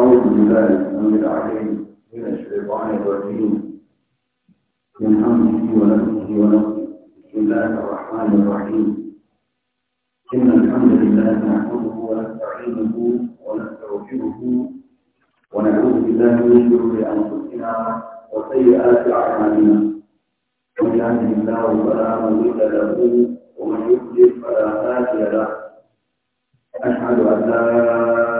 أعوذ بالله العليم من الشيطان الرجيم من حمده ونفسه ونفسه بسم الله الرحمن الرحيم إن الحمد لله نحمده ونستعينه ونستغفره ونعوذ بالله من شرور أنفسنا وسيئات أعمالنا من يهده الله فلا مضل له ومن يضلل فلا هادي له أشهد أن لا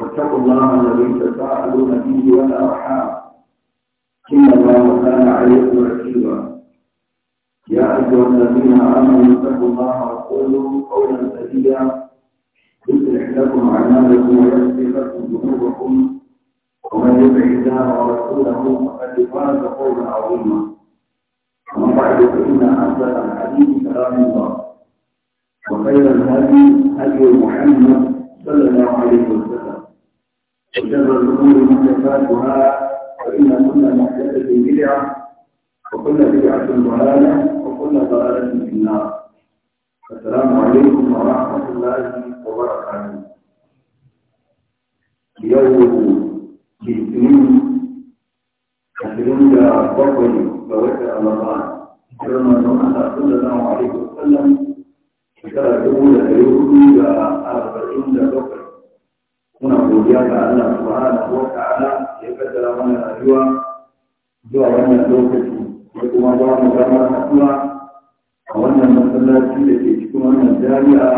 واتقوا الله الذي تساءلون به والارحام ان الله كان عليكم رقيبا يا ايها الذين امنوا اتقوا الله وقولوا قولا سديدا يصلح لكم اعمالكم ويغفر لكم ذنوبكم ومن يطع الله ورسوله فقد فاز قولا عظيما اما بعد فان اصدق الحديث كلام الله وخير الهدي هدي محمد صلى الله عليه وسلم وشر الأمور محدثاتها فإن كل محدثة بدعة وكل بدعة ضلالة وكل ضلالة في النار السلام عليكم ورحمة الله وبركاته اليوم في يوم الاثنين عشرين الله بوجه رمضان رمضان صلى الله عليه وسلم شكرا جمهور اليهود اربعون بقي kuna godiya ga Allah subhanahu wa ta'ala ya kaddara mana rayuwa zuwa wannan lokaci da kuma ba mu damar haɗuwa a wannan masallaci da ke cikin wannan jami'a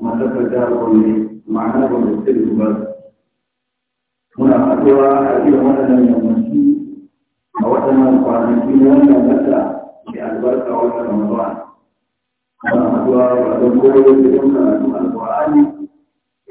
masakar jihar ne ma'ana Gombe State University muna haɗuwa a irin waɗannan yammaci a waɗannan kwanaki na wannan wata mai albarka wata Ramadan muna haɗuwa ba don koyar da yin karatun alƙur'ani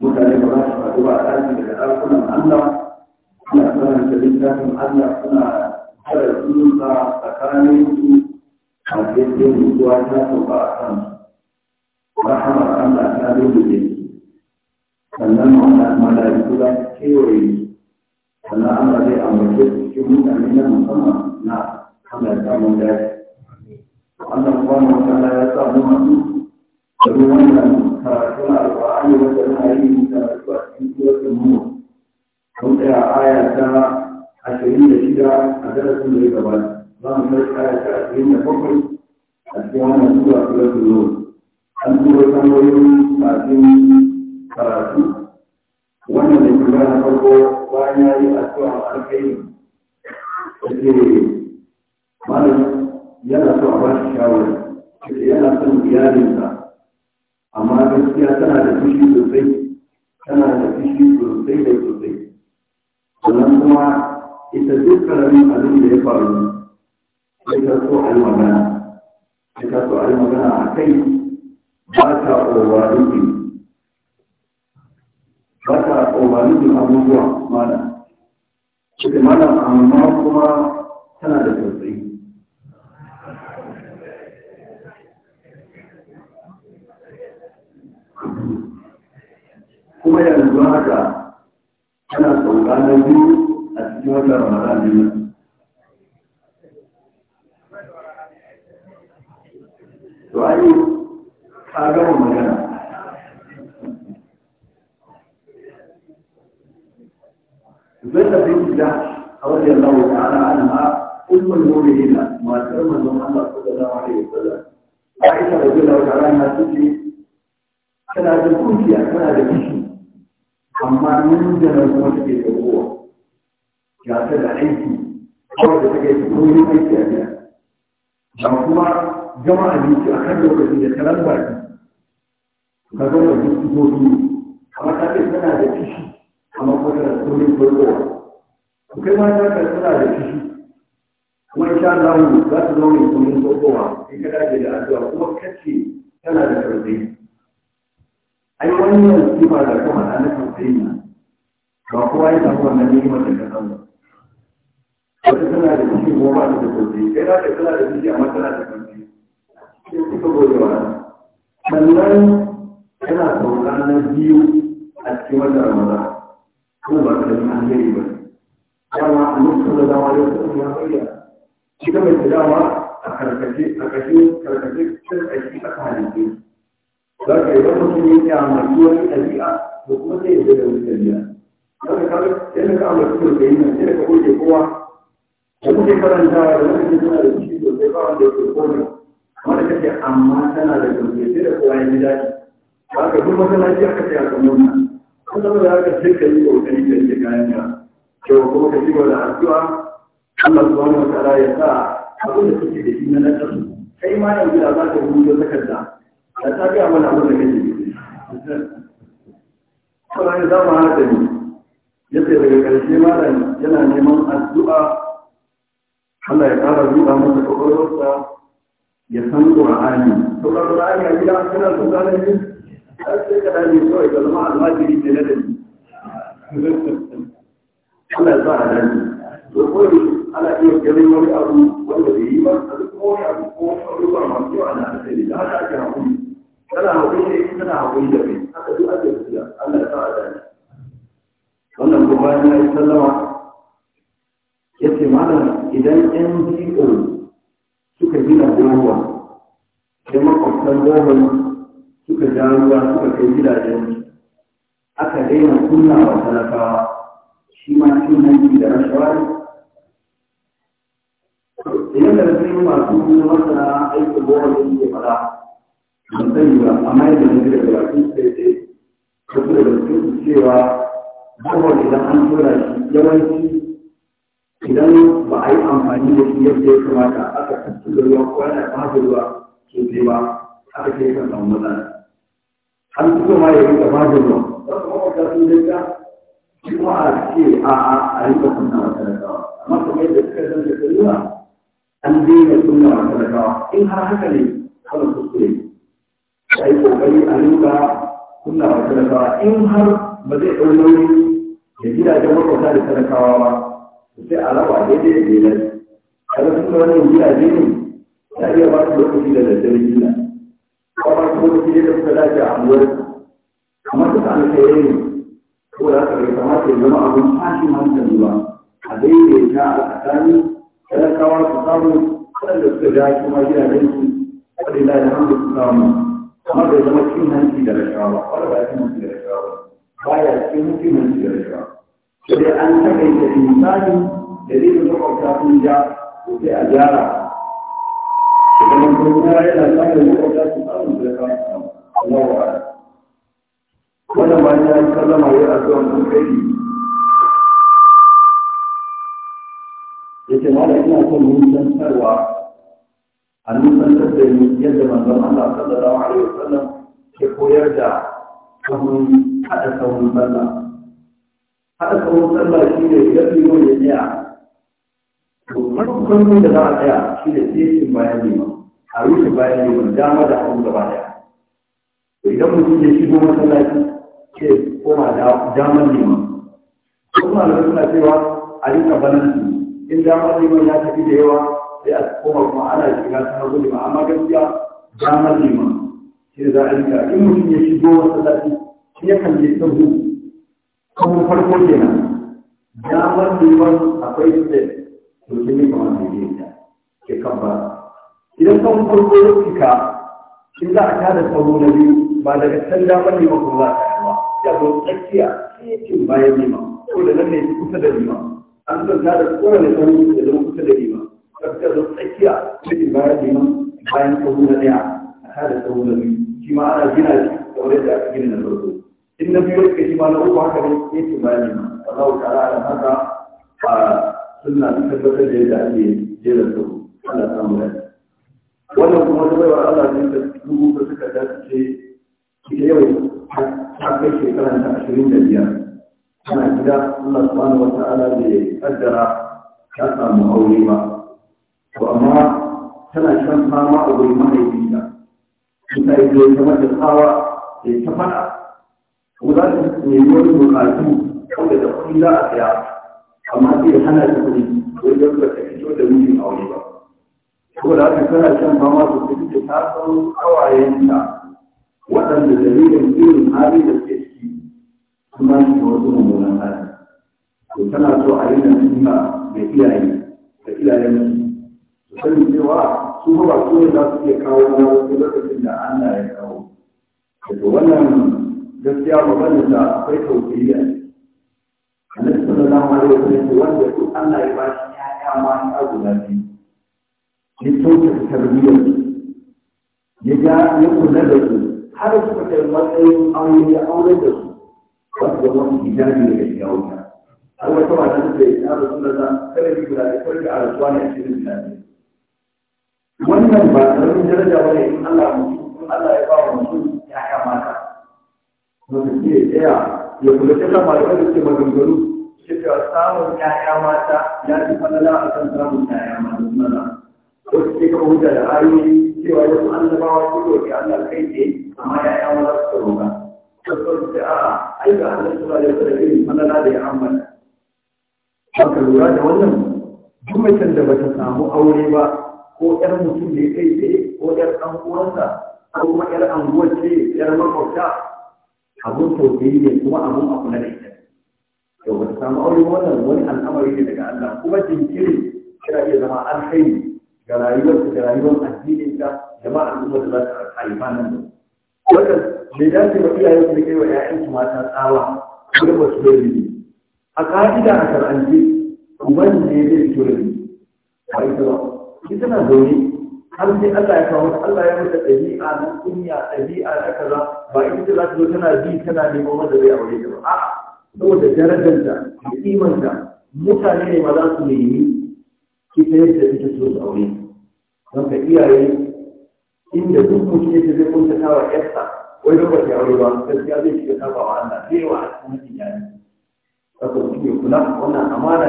mutane ba za su faɗi ba a ɗaki daga ɗakunan Allah suna karanta littafin Allah suna kare tsuntsa tsakanin su a daidai mutuwa ta sauka a kan rahamar Allah ta dole sannan mala'iku za su kewaye sannan Allah zai ambace su cikin mutane na musamman na Allah ya samu dace Allah subhanahu wa ya samu masu da ruwan karatun yi a cikin suratul mulk mun tsaya aya ta ashirin da shida a darasin da gabata za kai ashirin da bakwai a cikin wannan sura suratul mulk an tura tambayoyi kafin karatu wannan da farko ya yi yana so a ba shi shawara yana son iyalinsa amma gaskiya tana da fushi sosai tana da fushi sosai da sosai sannan kuma ita duk karamin abin da ya faru sai ta so a yi magana sai ta so a yi magana a kai ba ta overlooking ba ta overlooking abubuwa mana ita mana amma kuma tana da sosai kuma yanzu haka ana sauka na biyu a cikin wannan ramadan biyu to ai ka gama magana zai tafi gida a wajen lawo da ana ana ma umar mu'minina matar manzon Allah sallallahu alaihi wasallam Aisha radiyallahu ta'ala anha tace tana da kunciya tana da kishi amma nan da nan kuma take da kowa ya ta da aiki kawai da take da koyi aiki a gida da kuma gama abinci a kan lokacin da karan baki ka zama da duk sifofi amma ta ce tana da kishi amma kuma tana da koyi koyowa to kai ma ta ce tana da kishi kuma insha Allah za ta zama mai koyi koyowa in ka dace da addu'a kuma kace tana da karfi ai wannan sifa da kuma ana kan kai ba kowa ya samu wannan ni'imar da ka samu wata tana da ciki ko ba ta da sauki kai za ta tana da ciki amma tana da sauki sai kuka gode wa sannan tana sauka na biyu a cikin wata ramadan kuma ba ta da alheri ba dama a lokacin da dama yau ta ya fayya shi ka mai dama a karkace a kashe karkace karkace a kan za ka yi wani mutum ya masu wani ɗabi'a da kuma sai ya zai da wani ɗabi'a za ka kawo yadda ka amurci sosai yi nan sai ka goge kowa da kuke karanta da wani ke tana da ciki sosai ba wanda ya ke komai amma da kake amma tana da sosai sai da kowa ya ji daɗi ba ka duk masallaci aka ce a kamar nan an zama da aka sai ka yi ƙoƙari da ke kayan ka kyau kuma ka shigo da addu'a Allah subhanahu wa ta'ala ya sa abin da kake da shi na nan kai ma yanzu da za ka rubuta takarda da ta gaya mana abin da kake kuma ya zama hana da ni ya ce daga ƙarshe malam yana neman addu'a Allah ya ƙara buɗa masa ƙwaƙwarwarsa ya san Qur'ani sauran Qur'ani a gida kana son ganin shi har sai ka dame kawai ka zama almajiri ne na da ni Allah ya sa a dace to kawai ana iya ganin wani abu wanda bai yi ba a duk wani abu ko wani abu ba masu yawa na asali da haka ake hakuri kana haƙuri ne kana haƙuri da kai haka duk ake tafiya Allah ya sa a dace wannan kuma ya yi sallama ya ce malam idan NGO suka gina goma sai makwabtan goma suka ja ruwa suka kai gidajen aka daina kunna wa talakawa shi ma cin hanci da rashawa ne idan da zai masu masana aikin goma da ke fara ban sani ba amma yadda da jira da sun sai dai wasu da sun cewa bawa idan an tura shi yawanci idan ba a yi amfani da shi yadda ya kamata aka tattu da ruwa ko yana babu ruwa sosai ba aka kai kan samu matsala an fito ma ya rika babu ruwa za su mawa ta sun dinka shi kuma a ce a a a rika kunna wa talakawa amma kamar yadda suka zanta da ruwa an daina kunna wa talakawa in har haka ne kawai kuskure a yi kokari a nuka kunna wa talakawa in har ba zai ɗau nauyi da gidajen makwabta da talakawa ba sai a raba daidai da daidai kaga sun da wannan gidaje ne ta iya ba su lokaci da daddare gida ba ba su lokaci da suka dace a anguwar kamar suka alkhairai ne ko da haka bai kamata sai zama abin tashin hankali ba a daidaita a tsakanin talakawa su samu waɗanda suka dace kuma gidajen su waɗanda da hamdu su samu kamar da zama cin hanci da rashawa ba kwallo ba cin hanci da rashawa ba ya cin hanci da rashawa to dai an takaita insani da zai zama kwauta sun ja to sai a gyara da zama kuma yana samun makwauta su samu da rashawa samu Allah wa'ala wannan ma ya yi sallama ya addu'a kan kai yake ma da ina son mun san sarwa a nusantar da yi yadda manzon Allah sallallahu alaihi wasallam ke koyar da sahun haɗa sahun sallah haɗa sahun sallah shi ne yadda yau ya tsaya to farkon da za a tsaya shi ne tsekin bayan neman a rushe bayan neman dama da hagu gaba ɗaya to idan mutum ya shigo masallaci ke koma da damar neman kuma da suna cewa a rika balansu in damar neman ya tafi da yawa sai a koma kuma ana shiga ta hagu ne amma gaskiya damar ne ma sai za a rika in mutum ya shigo masallaci shi yakan je sahu kamar farko kenan damar neman akwai step to shi ne kamar da ya ta ke kan ba idan kan farko ya fika shi za a tada sahu na biyu ba daga can damar neman kuma za a yawa ya zo tsakiya cikin bayan neman ko da nan ne kusa da neman an zanta da kowane sahu da zama kusa da neman tsakiyar tsakiya cikin bayan neman bayan tsohu na ɗaya a tada tsohu na biyu shi ma ana gina shi da wani da aka gina na farko in na biyu ka shi ma na uku haka ne ya ke bayan neman zau ta'ala ala haka a suna ta tabbatar da yadda ake jera tsawo Allah ta mu wannan kuma zai baiwa Allah ne da dubu da suka dace ce ita yau ta kai shekara ta ashirin da biyar ana gida Allah subhanahu wa ta'ala bai kaddara ta samu aure ba to amma tana shan fama a wurin mahaifinta in ta yi zai kamar da tsawa da ta fada ko za ta nemi wani bukatu kawai da kuɗi za a saya amma sai hana ta kuɗi wajen ba ta fito da mijin aure ba ko da haka tana shan fama su sosai da ta san kawayenta waɗanda dalilin irin hali da suke ciki sun ba shi wasu mummunan hali to tana so a yi nasiha da iyaye da iyayen sani cewa su ba su ne za su iya kawo na wasu lokacin da Allah ya kawo. Daga wannan gaskiya maganin da akwai tausayi a Annabi zama alaihi wa sallam wanda duk Allah ya ba shi ya'ya ma ya guda biyu. Ya tauke ya ga ya kula da su har suka kai matsayin aure ya aure da su wasu da wani hijabi da ya wuta. Har wata mata da ya tsara sunan da kare guda da kwarki a rasuwa ne a cikin wannan ba ƙaramin daraja ba ne in Allah mutum Allah ya ba wa mutum ya kamata mutum ke tsaya ya kula ta kama da wanda ke maganganu cewa samun ƴaƴa mata ya fi falala a kan samun ƴaƴa mata maza wasu ke kama wuta da ayoyi cewa an zama wasu roƙi Allah kai ce amma ƴaƴa mata su roƙa kasuwar da a aiki a Allah su da ya da irin falala da ya ambata haka lura da wannan duk da bata samu aure ba ko ƴar mutum ne kai tsaye ko ƴar ɗan uwansa ko kuma ƴar anguwar ce ƴar makwabta abun tausayi ne kuma abun abu na daidai. Yau ba ta samu aure wannan wani al'amari ne daga Allah kuma jinkiri yana iya zama alkhairi ga rayuwar da rayuwar addinin ta da ma al'ummar da za ta haifa nan da wannan mai dace ba iyaye su kai wa su mata tsawa su bai dole a ƙa'ida a shar'ance uban ne zai tura ne ba ita ba in na zaune har sai Allah ya kawo Allah ya mata ɗabi'a na kunya ɗabi'a na kaza ba ita za ta zo tana bi tana nemo wanda zai aure ta ba a saboda darajarta da kimanta mutane ne ma za su nemi ita yadda ita so su aure don ka iyaye inda duk mutum yake zai kunta tawa yarsa wai don ba ta aure ba gaskiya zai shiga kakawa wa Allah zai yawa a cikin mutum yayi haka mutum kula wannan amana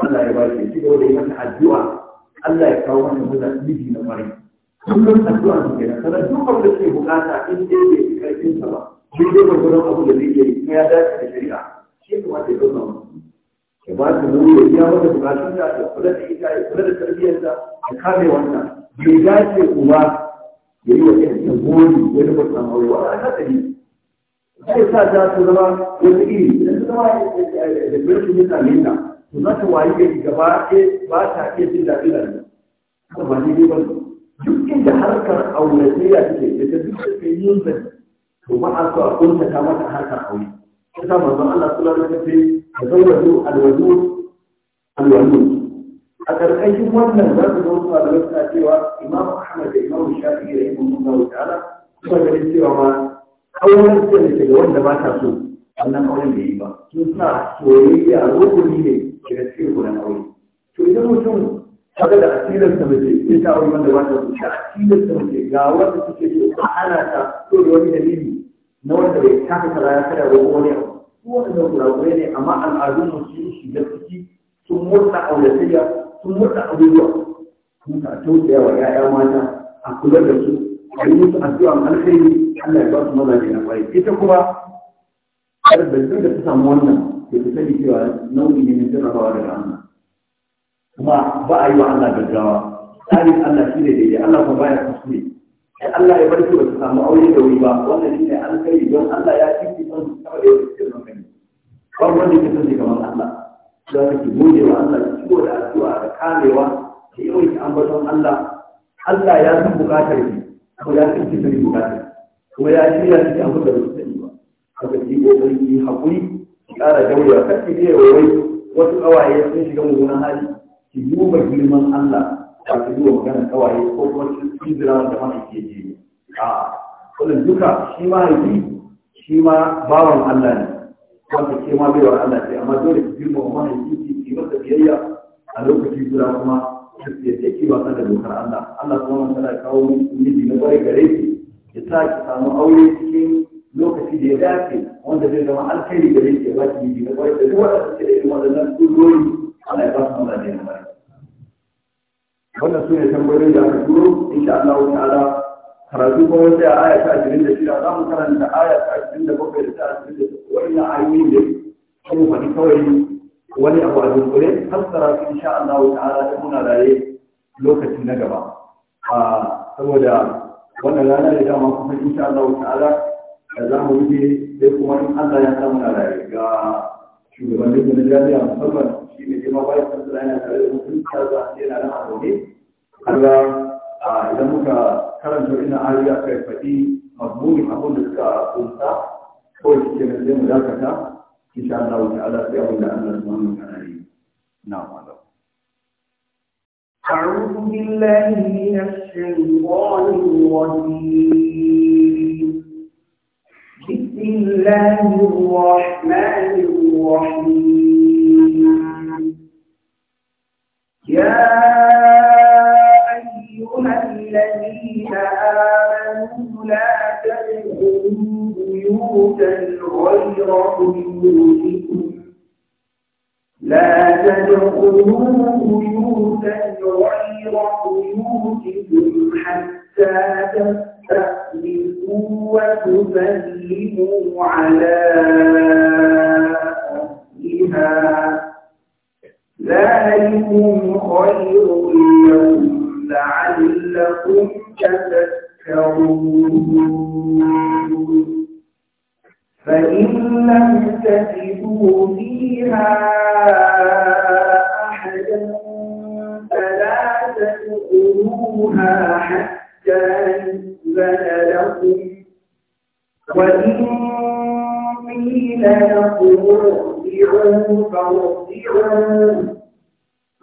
Allah ya ba shi ya ci gaba da yi mata addu'a Allah ya kawo wannan guda miji na kwarai kullum addu'a ne kenan kana duk wanda ke bukata in dai bai karfin sa ba duk dai gurgurun abu da zai yi kuma ya dace da shari'a shi kuma wanda ya zauna ya ba ta nuni ya biya mata bukatun da da kula da ita ya kula da tarbiyyar ta ya kame wannan bai dace kuma ya yi wa ɗan gori ya wani samun aure wani ana ta yi sai sa ta zama wani iri idan ta zama da rashin yin samun to za ta waye gari gaba ɗaya ba ta ke jin daɗi da ni ba ba daidai ba duk inda harkar auratayya take da ta duk da kai yin zai to ba a so a kunta ta mata harkar aure ta sa manzon Allah sallallahu alaihi wasallam ya zawwaju alwaju alwaju a ƙarƙashin wannan za ku zo zuwa da wasu cewa imam ahmad da imam Shafi da imam musa ta'ala kuma ganin cewa ma auren da ke ga wanda ba ta so wannan auren da yi ba sun sa soyayya rukuni ne daga cikin wurin aure to idan mutum kaga da asirar sa mace in ta aure wanda wanda ta asirar sa mace ga wanda suke so a ana ta so da wani dalili na wanda bai taka kaza ya kada Ko wani abu ko wanda kurakurai ne amma al'adun mu sun shiga ciki sun murna auratayya sun murna abubuwa kuma a tausaya wa 'ya'ya mata a kula da su a yi musu addu'a alkhairi Allah ya ba su mazaje na kwarai ita kuma har da da ta samu wannan da ku sani cewa nau'i ne na jarrabawa daga Allah kuma ba a yi wa Allah gaggawa tsarin Allah shi ne daidai Allah kuma baya kuskure sai Allah ya bar su ba su samu aure da wuri ba wannan shi ne an kai don Allah ya ci su son su kama da yau su kan kani ba wanda ke son shi kamar Allah don haka ki gode wa Allah ki ciwo da addu'a da kamewa ki yawan ki ambaton Allah Allah ya san bukatar ki kuma ya san ki sani bukatar kuma ya shirya ki abin da ba su sani ba haka ki kokari ki haƙuri ƙara daurewa kar ki biye wai wasu ƙawaye sun shiga mummunan hali ki duba girman Allah ba ki duba maganar ƙawaye ko kuma ki zira da mana ke je a wani duka shi ma yi shi ma bawan Allah ne wanda ke ma wa Allah ce amma dole ki girma mana ki ki masa biyayya a lokaci guda kuma ya ke ba da dokar Allah Allah kuma tana kawo miki miji na bari gare ki ya sa ki samu aure cikin lokaci da ya dace wanda zai zama alkhairi da yake ba shi bibi na kwarai da duk wanda suke da irin waɗannan tsurori ana ba su mazaje na bari. Wannan su ne tambayoyin da aka turo insha Allah wa ta'ala karatu kuma sai ya aya ta ashirin da shida za mu karanta aya ta ashirin da bakwai da ta ashirin da takwas wannan ayoyi ne kuma faɗi kawai wani abu a dunkule fassara su insha Allah wa ta'ala da muna raye lokaci na gaba. Ah, saboda wannan rana da dama kuma insha Allah wa ta'ala da za mu rufe sai kuma in Allah ya samu na rayu ga shugabannin da na jami'a musamman shi ne jima bayan kansu yana tare da mutum kaza yana nan a zaune idan muka karanta ina ayoyi aka yi faɗi mazmunin abin da suka kunsa Ko shi ke nan sai mu dakata insha Allah ta'ala sai abin da Allah subhanahu wa ta'ala na na'am أعوذ بالله من الشيطان الرجيم بسم الله الرحمن الرحيم يا أيها الذين آمنوا لا تدخلوا بيوتا غير بيوتكم لا تدخلوا بيوتا غير بيوتكم حتى تدخلوا تستأنسوا وتسلموا على أهلها ذلكم خير اليوم لعلكم تذكرون فإن لم تجدوا فيها أحدا فلا تدخلوها حتى حتى قيل لكم ارجعوا فارجعوا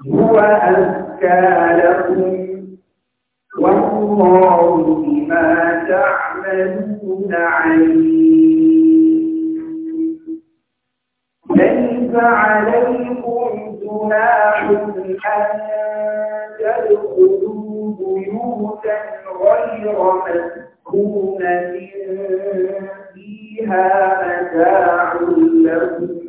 هو أزكى لكم والله بما تعملون عليم ليس عليكم جناح أن تدخلوا بيوتا غير مسكونة فيها متاع لكم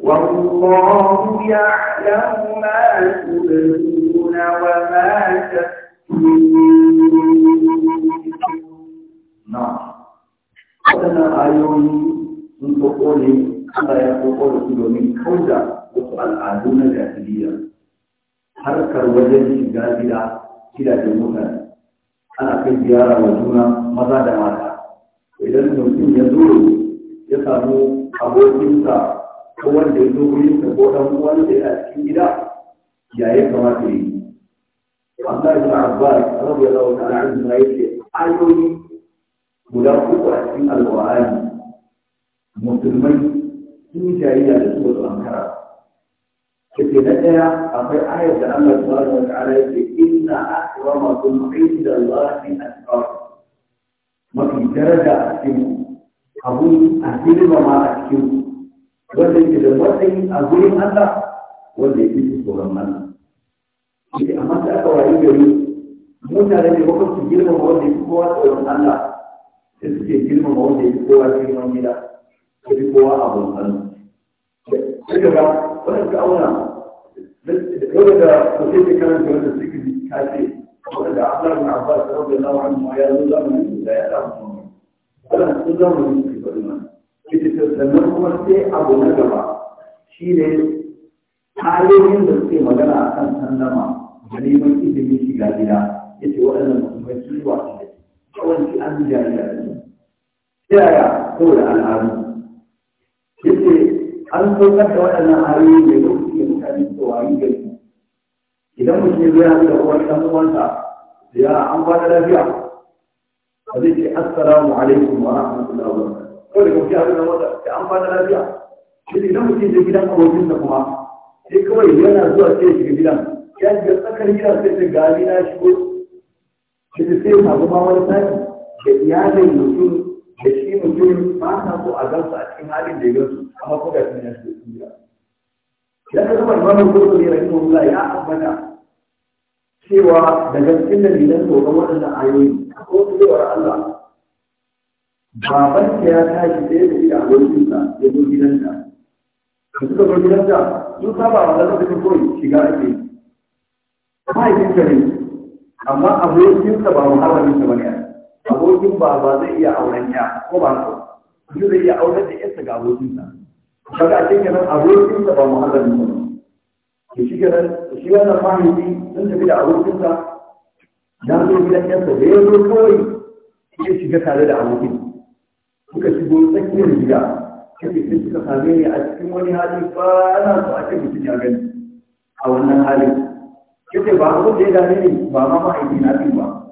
والله يعلم ما تبدون وما تكتمون نعم waɗannan ayoyi sun tsoko ne Allah ya tsoko da su domin wasu al'adu na jahiliya harkar wajen shiga gida da mutane ana kai ziyara wa juna maza da mata idan mutum ya zo ya samu abokinsa ko wanda ya zo wurinsa ko uwan da ya cikin gida ya ya kamata yi Allah ibn Abbas radiyallahu ta'ala anhu ya ce ayoyi guda uku a cikin alqur'ani musulmai sun jayayya da su wasu ankara yake na ɗaya akwai ayar da Allah subhanahu wa ta'ala yake inna akramakum inda atqakum mafi daraja a cikin abu a ma a cikin wanda yake da matsayi a gurin Allah wanda yake da tsoron Allah shi amma da aka wayi gari mutane ne ba su girmama wanda yake kowa tsoron Allah sai suke girmama wanda yake kowa girman gida ko kowa abun hannu sai ga wannan ka auna dole da sosai ke karanta wanda suke ka ce wanda Allah bin Abbas radiyallahu anhu ya zo zamanin da ya samu wannan sun zamanin su bari ma ita sannan kuma sai abu na gaba shi ne halin da suke magana a kan sallama da neman izinin shiga gida ya ce waɗannan musulmai sun yi wasu da yawanci an ji jami'a da su. Ta yaya da al'adu. Ya an so da waɗannan ayoyi da lokaci da mutane su wayi gari idan mutum ya zo da wani ɗan uwansa ya an kwana lafiya ba zai ce assalamu alaikum wa rahmatullahi wa barakatuh kawai da kuma ya zo da wata ya an kwana lafiya shi idan mutum ya gidan abokinsa kuma sai kawai yana zuwa sai ya shiga gidan ya ji da tsakar gida sai ta gani na shigo shi sai ya samu ma wani sani da iyalin mutum da shi mutum ba sa so a gansu a cikin halin da ya gansu amma ko da sun ya shi su ya ya ka zama imamu ko ne rahimu Allah ya ambata cewa da daga cikin dalilan tsoron waɗannan ayoyi ko wasu cewar Allah baban ya tashi ɗaya da ita a lokacinsa ya zo gidanta da suka zo gidanta sun saba wa da lokacin kawai shiga ake mahaifinta ne amma abokinsa ba muharraminsa ba ne a abokin baba zai iya auren ya ko ba ko shi zai iya auren da yarsa ga abokin sa kaga a cikin nan abokin sa ba muharramin ba to shi kenan shi wannan mahaifi sun tafi da abokin sa zai zo gidan yarsa da ya zo kawai ya shiga tare da abokin suka shigo tsakiyar gida kace sai suka same ni a cikin wani hali ba ana so a ce mutum ya gani a wannan halin kace ba abin da ya gane ni ba ma mahaifi na ba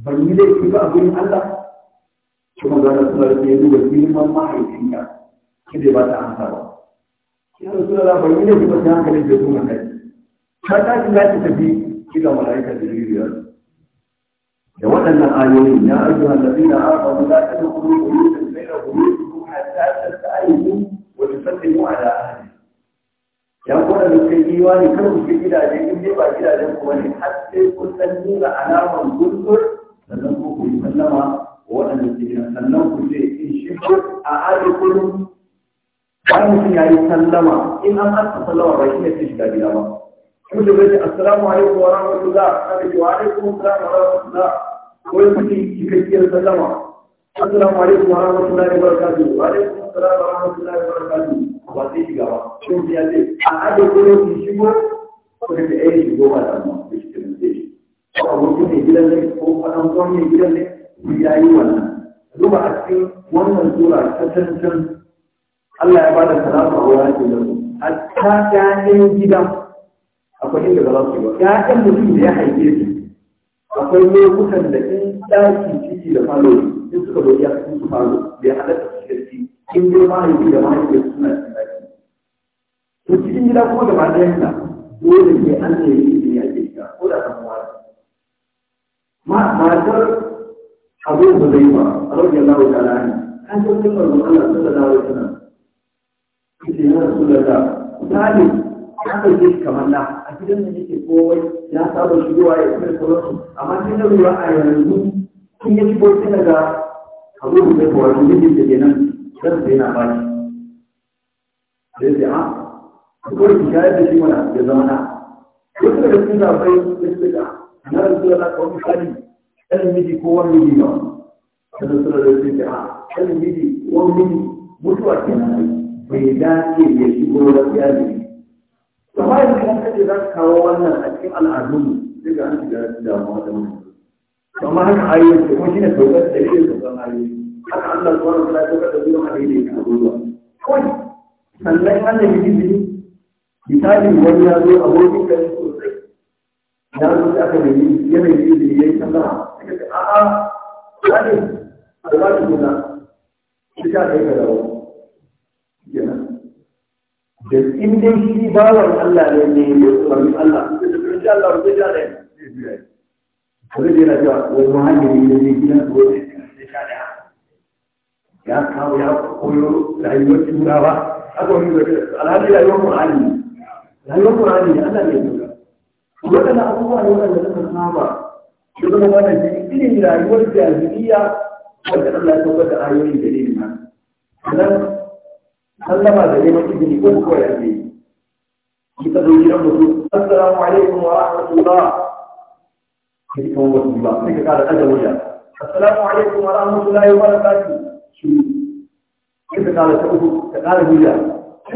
ban yi laifi ba gurin Allah kuma za da suna da ya duba girman mahaifinka ki zai ba ta amsa ba da rasu da ban yi laifi ba ta hankali da kuma kai ta tashi za ta tafi kila mala'ika da jiriyar da waɗannan ayoyin ya ayyuhan ladina amanu la tadkhulu buyutan ghayra buyutikum hatta tasta'inu wa tusallimu ala ahliha yan kuma da kai iwa ne kan ku gidaje in dai ba gidajen ku bane har sai kun san nuna alamar gurgur sannan ko ku yi sallama waɗanda ke gina sannan ku ce in shi ko a arikulu bayan mutum ya yi sallama in an asa sallama ba shi ne sai shiga gida ba kuma da zai assalamu alaikum wa rahmatullah kada ki wa alaikum assalamu wa rahmatullah ko ya fi cikakkiyar sallama assalamu alaikum wa rahmatullah wa barakatuh wa alaikum assalamu wa rahmatullah wa barakatuh ba sai shiga ba shi ya ce a arikulu in shigo ko da ta yi shigo ba da amma da shi ko mutum ne gidan ne ko faɗan kwan ne gidan ne ya yi wannan zuba a cikin wannan tura ta cancan. Allah ya ba da salatu a wurin su. lalu hatta ƴaƴan gidan akwai inda ba za su yi ba ƴaƴan mutum da ya haife su akwai lokutan da in ɗaki ciki da falo in suka zo ya cikin su falo bai halatta su shirki in dai mahaifi da mahaifi suna cikin ɗaki to cikin gida kuma da ba ɗayan dole ne an ne yi ne ya ke shiga ko da kan wani matar abu da zai ba a rage lawo da lani an san sun barbu Allah sun da lawo suna kusa yana su da da misali ya ɗauke shi kamar na a gidan da yake kowai ya saba shigowa ya kuma sauransu amma sai na ruwa a yanzu sun yi shigo sai daga abu da zai ba wani mijin da ke nan zan sai na ba shi sai sai a kawai ki shayar da shi mana ya zama na wasu da sun zaɓai da suka ah, na da sura ta kawo misali ɗan miji ko wani miji ba da da sura da ce a ɗan miji wani miji mutuwa kenan bai dace ya shigo da iyali da ba yanzu kan kace za ka kawo wannan a cikin al'adun daga an shiga damuwa da mutum amma haka ayoyi ce kuma shine saukar da yake saukar ayoyi haka Allah subhanahu wa ta'ala ya saukar da zuwa a daidai a zuwa kawai sannan Allah ya ji jini misali wani ya zo abokin ka na zo da aka nemi yanayin ilimi ya yi sallama suka ce a'a wani alwani guna shi ta kai ka dawo kenan da in dai shi bawan Allah ne ne oh, ya umarni Allah da shi Allah zai ja da ya kuma da yana cewa wani muhammadi ne ne gidan su wani ya kawo ya koyo rayuwar turawa aka wani zai alhali rayuwar muhalli rayuwar muhalli Allah ne ya waɗanda abubuwa ne waɗanda suka saba da zama wannan shi irin rayuwar jahiliya wanda Allah ya saukar da ayoyin da ne na sannan sallama da neman izini ko kuwa ya ce ki ta zo gidan mutum assalamu alaikum wa rahmatullah kai kan wasu ba sai ka kara ɗaga wuya assalamu alaikum wa rahmatullahi wa barakatuh shi sai ka kara ta uku ka kara wuya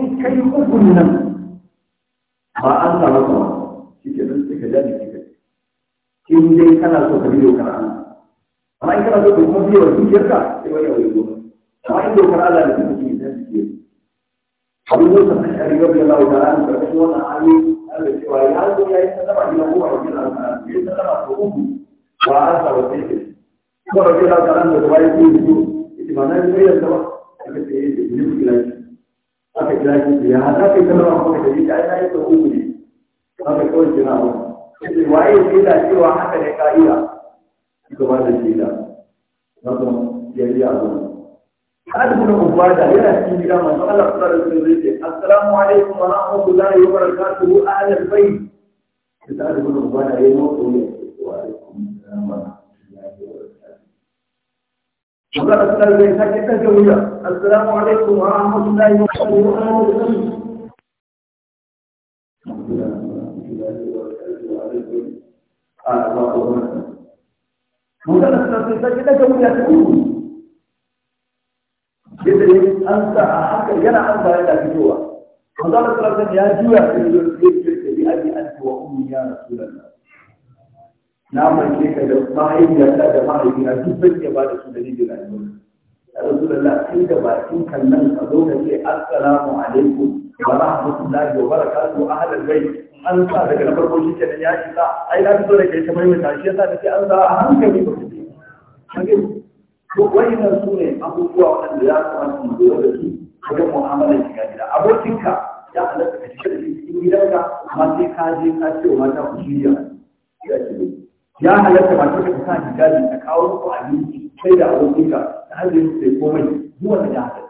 in kai uku nan ba an samu ba shi ke ka ja jiki ka in dai kana so ka bi dokar Allah amma in kana so ka kuma biyo zuciyarka sai wani ya amma in dokar Allah da ta jiki abu ne ta Allah wannan ayi Allah ya ya yi ya ko wa asa wa Allah ya ce aka kira ya ta ko ji ta ta ne sai waye shaida cewa haka ne ka'ida suka ba da shaida na kuma yari a zuwa Sa'adu na Ubada yana cikin gida masu Allah su tsara sun zai ce, Assalamu alaikum wa rahmatullahi wa barakatuhu a alal bai. Sa'adu na Ubada ya yi mako ne, wa alaikum salam wa rahmatullahi wa barakatuhu. Maza da tsara zai sake ɗaga wuya, Assalamu alaikum wa rahmatullahi wa barakatuhu a alal bai. a wato wannan magana suna sun sake daga ta kudu yana an bayar da fitowa magana suna ya juya ta yi zai zai zai bi abi an ta da na manke ka da mahaifiyarta da mahaifina duk zai ba da su da ne da rayuwa Rasulullah tun da bakin kallon ka zo ka ce assalamu alaikum wa rahmatullahi wa barakatuhu an sa daga na farko shi kenan ya isa ai na fito da kai ta maimaita shi da ke an sa a hankali ba kuɗi to nan su ne abubuwa waɗanda ya su mu zuwa da su ga mu'amalar shiga gida abokinka ya halatta ka shirya shi cikin gidanka amma sai ka je ka ce wa mata ku shirya ya halatta ta ka ta sa hijabi ta kawo ku abinci sai da abokinka ta hajjin sai komai zuwa da ya halatta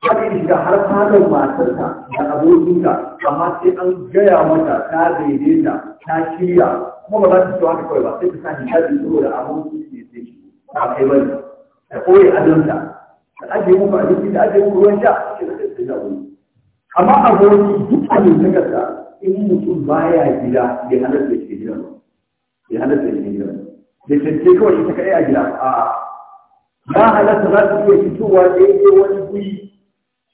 haka shiga har falon matarka da abokinka amma sai an gaya mata ta daidaita ta shirya kuma ba za ta ce haka kawai ba sai ta sa hijabi saboda abokin ne sai shi ta kai ba ne ta koyi adonta ta ajiye muku abinci ta ajiye muku ruwan sha shi da sai da wani amma aboki duk abin da kasa in mutum baya gida bai halatta shi gida ba bai halatta shi gida ba bai tantance kawai ita kaɗai a gida a ya halatta za ta iya fitowa daidai wani guri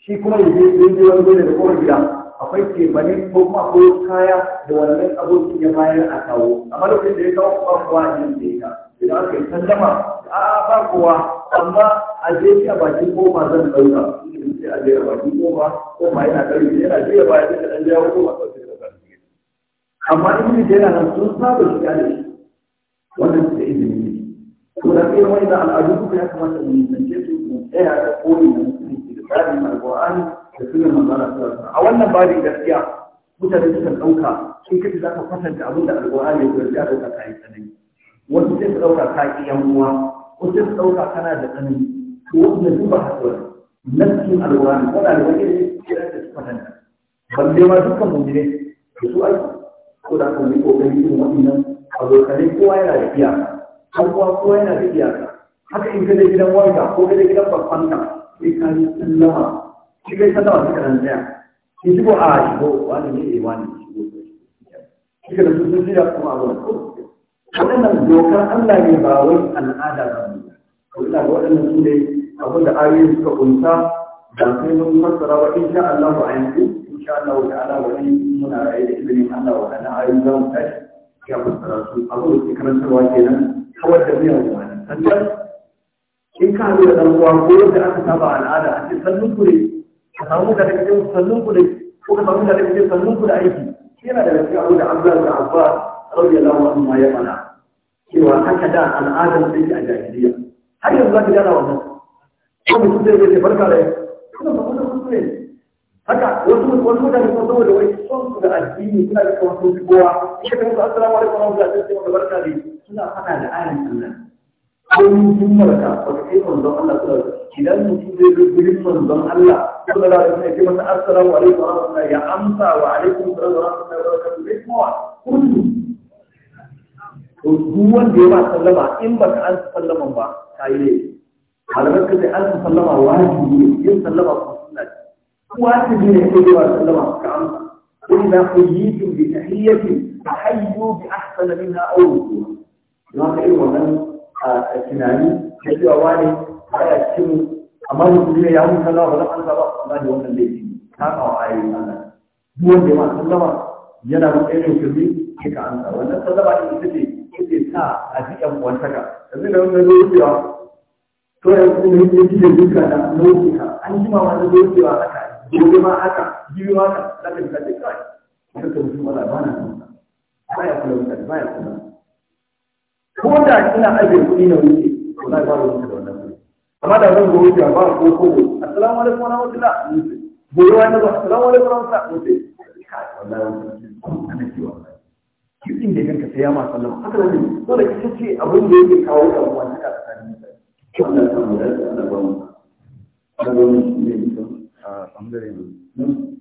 shi kuma ya je daidai wani gole da kowar gida akwai kebane ko kuma akwai kaya da wannan abokin ya bayar a kawo amma lokacin da ya kawo kuma kowa a da ita. idan aka yi sallama a ba kowa amma a je shi a bakin koma zan ɗauka sai a je a bakin koma koma yana ɗauki yana je ya bayar da ɗan jawo koma ɗauki da ɗauki amma in da yana nan sun saba shiga da shi wannan da izini ne. Kuma da irin wani da al'adu kuma ya kamata mu nisance su mu tsaya da koyi na tsarin alƙur'ani da sunan manzara sallallahu a wannan babin gaskiya mutane suka ɗauka sun kace za ka kwatanta abin da alƙur'ani ya koyar sai ɗauka kayan tsanani wasu sai su ɗauka ka ƙi yan uwa wasu sai su ɗauka kana da tsanani to wasu na duba hasuwar nassin alƙur'ani ko da alƙur'ani ne kira da su kwatanta balle ma dukkan mu mummune da su aiki ko da kan yi ƙoƙari irin waɗannan abokanai kowa yana da iyaka har kowa kowa yana da iyaka haka in ka je gidan wanka ko ka je gidan babbanka sai sallama shi tsaya shi a shigo wani wani shi dokar Allah ne ba wai al'ada ba ne ko ina ga waɗannan su ne abin da ayoyin suka kunsa da sai mun masara wa insha Allah wa ayyuku insha Allah ta'ala wa in muna raye da izinin Allah wa ana ayoyin za mu tashi ya fassara su abin da ke karantarwa kenan kawar da miyagun wani in ka haɗu da ɗan uwa ko wanda aka saba al'ada a cikin sannun ku ne ka samu da daga cikin sannun ku ne ko ka samu da daga cikin sannun ku da aiki yana da cikin abu da Abdullah da Abba radiyallahu amma ya faɗa cewa aka da al'adar da yake a jahiliya har yanzu za ka gana wannan ko mutum zai zai barka da kuma ba kuma haka wasu wasu mutane kuma saboda wai son su da addini suna da kawo sun fi kowa in ka kai musu assalamu alaikum wa rahmatullahi wa barakatuh suna faɗa da ayin Allah komi jimmarka ba ka kai manzon Allah sallallahu alaihi wasallam idan mutum zai ga gurin manzon Allah sallallahu alaihi wasallam ya ce masa assalamu alaikum wa rahmatullahi ya amsa wa alaikum salam wa rahmatullahi wa barakatuh zai kuma kullu to duk wanda ya ba sallama in ba ka ansa sallaman ba ka yi ne malamai ka ce ansa sallama wajibi ne yin sallama ko sunna ce wajibi ne ko ba sallama ka amsa kun na ku yi tun bi tahiyyatin fa hayyu bi ahsana minha aw rudduha don haka irin wannan a tunani da cewa wani baya cikin amma da kuma ya mun sallama ba zan ansa ba Allah wannan laifi ta kawo ayoyin Allah duk wanda ya ma sallama yana da irin shirmi ke ka ansa wannan sallama din ita ce ita sa a jikin wantaka yanzu da wannan lokaciwa to ya kuma yi yake da duka da lokuta an ji ma wani lokaciwa haka gobe ma haka jibi ma haka zaka ka ce kai ka mutum ba na ba ya kula mutane ba ya kula ko da kina ajiye kuɗi na wuce ko na ba wuce da wannan kuɗi amma da zan zo wuce ba ko ko assalamu alaikum wa rahmatullah wuce goyi wani ba assalamu alaikum wa rahmatullah wuce wannan kiwa kiɗin da kanka sai ya ma sallama haka ne dole ki ce abin da yake kawo damuwa ta ka tsakanin mutane Allah ya samu da Allah ba ba mu hmm?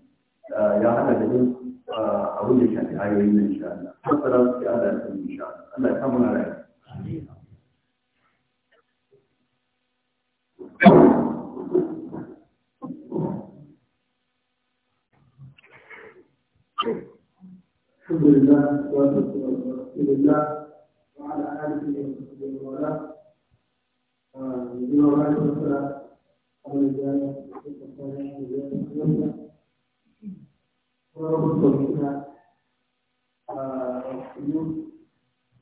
a ya hada da abin da shafi ayoyin nan insha Allah. Allah ya samu na rayuwa. الحمد لله والصلاة والسلام على رسول الله وعلى آله وصحبه ومن والاه نبينا وعلى السلام على الجاهل والصالحين والجاهل ورب الصالحين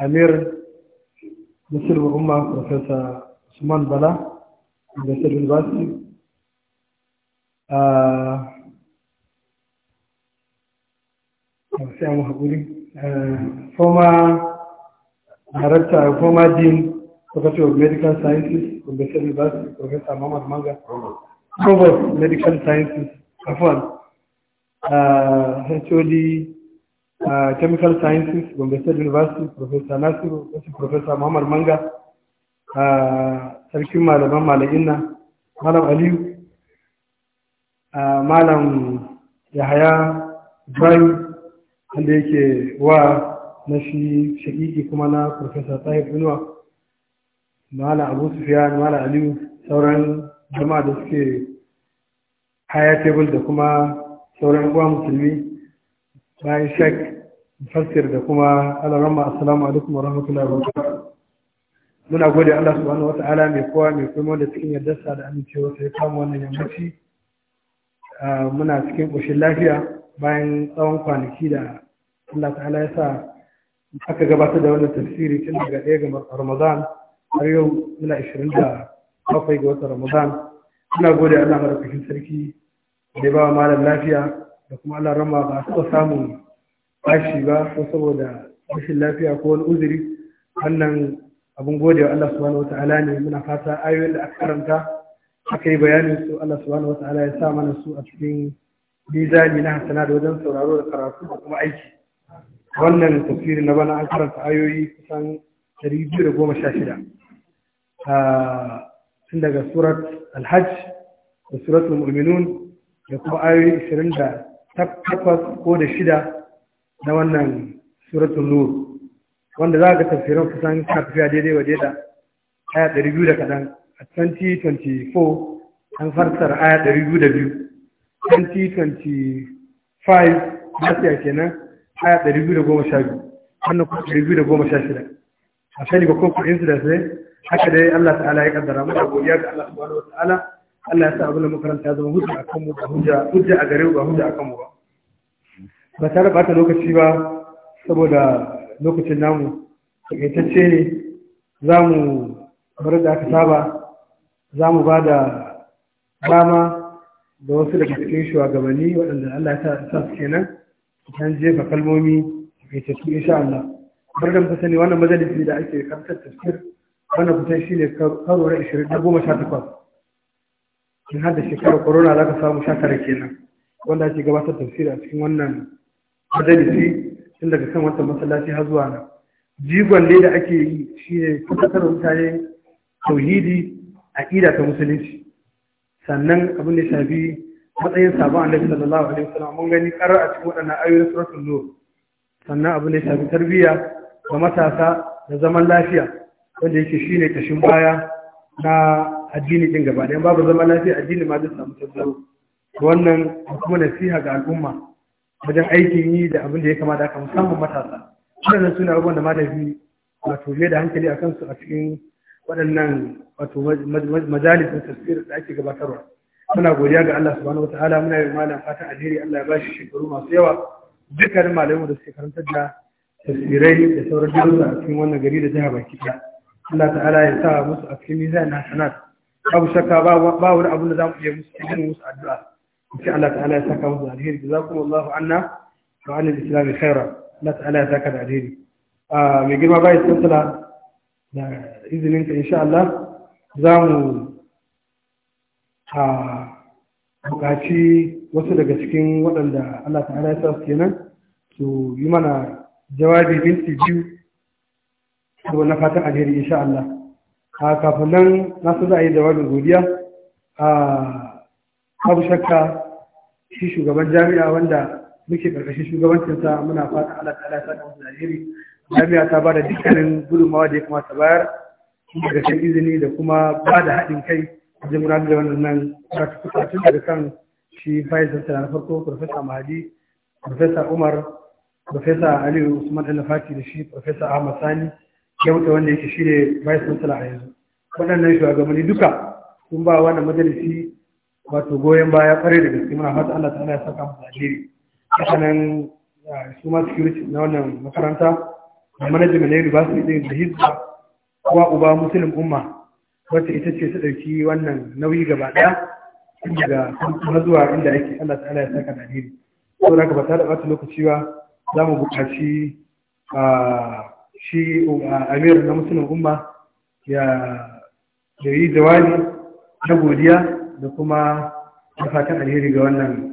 amir musulun umma Profesa usman bala University state university sai mu haƙuri former director former dean professor of medical sciences from university professor Muhammad manga provost medical sciences afwan hod uh, chemical sciences gombe state university professor nasiru wasu professor muhammad manga uh, sarkin malaman malamin malam aliyu uh, malam yahaya ibrahim wanda yake wa na shi shakiki kuma na professor tahir inuwa malam abu sufiyan malam aliyu sauran jama'a da suke haya tebul da kuma sauran uwa musulmi bayan shek fasir da kuma alarama assalamu alaikum wa rahmatullahi wa barakatuh muna gode Allah subhanahu wata'ala mai kowa mai kuma da cikin sa da amincewa ya kama wannan yammaci ah, muna cikin ƙoshin lafiya bayan tsawon kwanaki da Allah ta'ala ya sa aka gabatar da wannan tafsiri tun daga ɗaya ga Ramadan har yau muna ishirin da bakwai ga watan Ramadan muna gode Allah madaukakin sarki da ya ba malam lafiya da kuma Allah rama ba su samun bashi ba ko saboda rashin lafiya ko wani uzuri wannan abin wa Allah subhanahu ta'ala ne muna fata ayoyin da aka karanta aka yi bayanin su Allah subhanahu ta'ala ya sa mana su a cikin mizani na hasana da wajen sauraro da karatu da kuma aiki wannan tafsiri na bana an karanta ayoyi kusan 216 ah, tun daga surat alhajj da surat muminun da kuma ayoyi 28 takwas ko da shida na wannan suratun nur wanda za ga tafsirin kusan ka tafiya daidai wa daida aya ɗari biyu da kaɗan a 2024 an fartar aya ɗari biyu da biyu 2025 lafiya kenan aya ɗari biyu da goma sha biyu wannan kuma ɗari biyu da goma sha shida a sani ba ko kuɗin da sai haka dai Allah ta'ala ya kaddara mana godiya ga Allah subhanahu wa ta'ala Allah ya sa abin da makaranta zama hujja a kanmu ba hujja a gare ba hujja a kanmu ba ba tare ta lokaci ba saboda lokacin namu takaitacce ne za mu bar da aka saba za mu ba da dama da wasu daga cikin shugabanni waɗanda Allah ya sa su kenan kan jefa kalmomi in insha Allah bar da mu sani wannan majalisi da ake karkar tafsir wannan kusan ne karo na goma da takwas. in har da shekarar corona za ka samu sha kenan wanda ake gabatar da a cikin wannan majalisi tun daga kan wata masallaci har zuwa nan jigon da ake yi shine kusantar mutane tauhidi a ƙida ta musulunci sannan abin da shafi matsayin sabon annabi sallallahu alaihi wasallam mun gani karar a cikin waɗannan ayoyin suratul nur sannan abin da shafi tarbiyya ga matasa da zaman lafiya wanda yake shine kashin baya na addini din gaba ɗaya babu zama lafiya addini ma zai samu tasgaro wannan kuma nasiha ga al'umma wajen aikin yi da abin da ya kamata ka musamman matasa waɗannan suna abubuwan da malami wato mai da hankali a kansu a cikin waɗannan wato tafsir da ake gabatarwa muna godiya ga Allah subhanahu wataala muna yi malam fatan alheri Allah ya bashi shekaru masu yawa dukkanin malamu da suke karantar da tafsirai da sauran jirgin a cikin wannan gari da jiha baki ɗaya Allah ta'ala ya sa musu a cikin nisa na sanar. babu shakka ba wani abin da za mu iya musu cikin musu addu'a ce Allah ta'ala ya saka musu alheri da zakum Allahu anna wa da islami khaira Allah ta'ala ya saka da alheri a ah, mai girma bai tattala da izinin ka insha Allah za mu a ah, wasu daga cikin waɗanda Allah ta'ala ya sa su kenan su yi mana jawabi binti biyu na fatan alheri insha Allah a kafin nan na su za a yi jawabin godiya a abu shakka shi shugaban jami'a wanda muke karkashin shugabancinsa muna fata ala ta'ala ta da wasu jami'a ta ba da dukkanin gudunmawa da ya kamata bayar daga kan izini da kuma ba da haɗin kai wajen gudanar da wannan nan karatuka tun daga kan shi fayyar tattara na farko profesa mahadi profesa umar profesa aliyu usman alafati da shi profesa ahmad sani ya wuce wanda yake shi ne vice chancellor a yanzu waɗannan shugabanni duka sun ba wannan majalisi wato goyon baya kware da gaske muna fata Allah ta'ala ya saka mu alheri haka nan ah, su ma security na wannan makaranta da management na university din da hizba kowa uba muslim umma wacce ita ce ta ɗauki wannan nauyi gaba ɗaya daga kuma zuwa inda ake Allah ta'ala ya saka da alheri saboda ka ba ta da lokaci ba za mu buƙaci ah, shi amir na musulun umma ya yi jawabi na godiya da kuma na fatan alheri ga wannan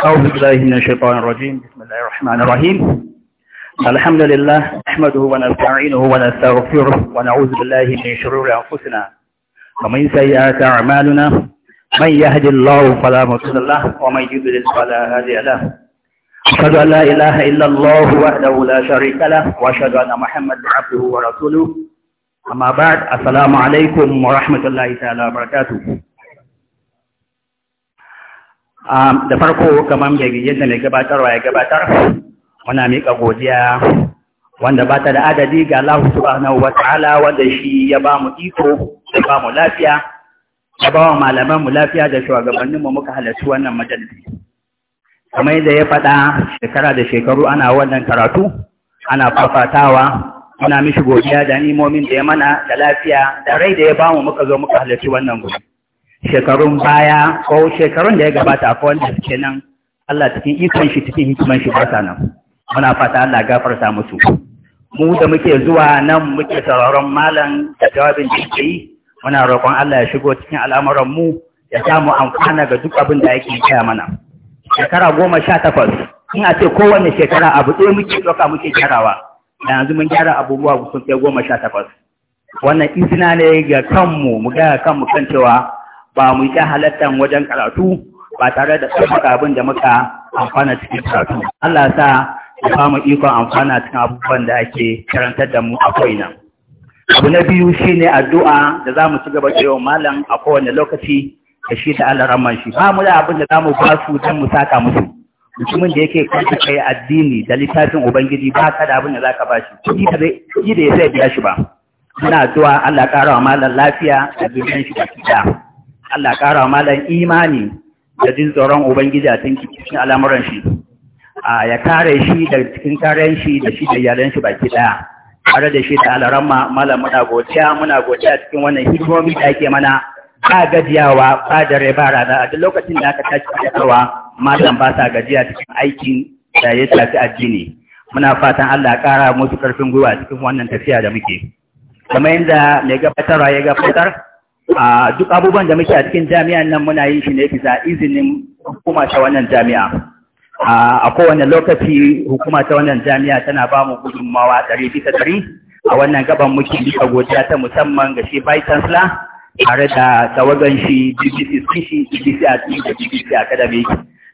أعوذ بالله من الشيطان الرجيم بسم الله الرحمن الرحيم الحمد لله نحمده ونستعينه ونستغفره ونعوذ بالله من شرور أنفسنا ومن سيئات أعمالنا من يهد الله فلا مضل له ومن يضلل فلا هادي له أشهد أن لا إله إلا الله وحده لا شريك له وأشهد أن محمدا عبده ورسوله أما بعد السلام عليكم ورحمة الله تعالى وبركاته da farko kamar yadda mai gabatarwa ya gabatar muna miƙa godiya wanda ba ta da adadi ga Allah subhanahu wa ta'ala wanda shi ya ba mu iko ya ba mu lafiya ya ba wa malaman mu lafiya da shugabannin mu muka halarci wannan majalisi kamar yadda ya faɗa shekara da shekaru ana wannan karatu ana fafatawa muna mishi godiya da nimomin da ya mana da lafiya da rai da ya ba mu muka zo muka halarci wannan guri shekarun baya ko shekarun da ya gabata akwai wanda suke nan Allah cikin ikon shi cikin hikiman shi ba sa nan muna fata Allah gafarta musu mu da muke zuwa nan muke sauraron malam da jawabin da yake yi muna roƙon Allah ya shigo cikin al'amuran mu ya samu amfana ga duk abin da yake gaya mana shekara goma sha takwas in a ce kowane shekara abu ɗaya muke ɗauka muke gyarawa da yanzu mun gyara abubuwa sun kai goma sha takwas wannan izina ne ga kanmu mu gaya kanmu kan cewa ba mu ta halattan wajen karatu ba tare da ɗaukaka abin da muka amfana cikin karatu Allah sa ya kama ikon amfana cikin abubuwan da ake karantar da mu a ko'ina. Abu na biyu shi ne addu'a da za mu ci gaba da yawan malam a kowane lokaci da shi da Allah ramman shi. Ba mu da abin da za mu ba su don mu saka musu. Mutumin da yake kanta kai addini da littafin Ubangiji ba ka da abin da za ka ba shi. Kuɗi da ya biya shi ba. Muna addu'a Allah ƙara wa malam lafiya da duniyan shi baki ɗaya. Allah ƙara wa malam imani da jin tsoron Ubangiji a cikin al'amuran shi. a ya kare shi da cikin karen shi da shi da yaren shi baki daya tare da shi da alarama malam muna godiya muna godiya cikin wannan hidimomi da ake mana ba gajiyawa ba da ba rana a duk lokacin da aka tashi fadakarwa malam ba sa gajiya cikin aikin da ya tafi addini muna fatan Allah kara musu karfin gwiwa cikin wannan tafiya da muke kamar yadda mai gabatarwa ya gabatar a duk abubuwan da muke a cikin jami'an nan muna yin shi ne bisa izinin hukuma ta wannan jami'a a kowane lokaci hukuma ta wannan jami'a tana ba mu gudunmawa ɗari bisa ɗari a wannan gaban muke bisa godiya ta musamman ga shi vice chancellor tare da tawagan shi bbc shi bbc a da bbc academy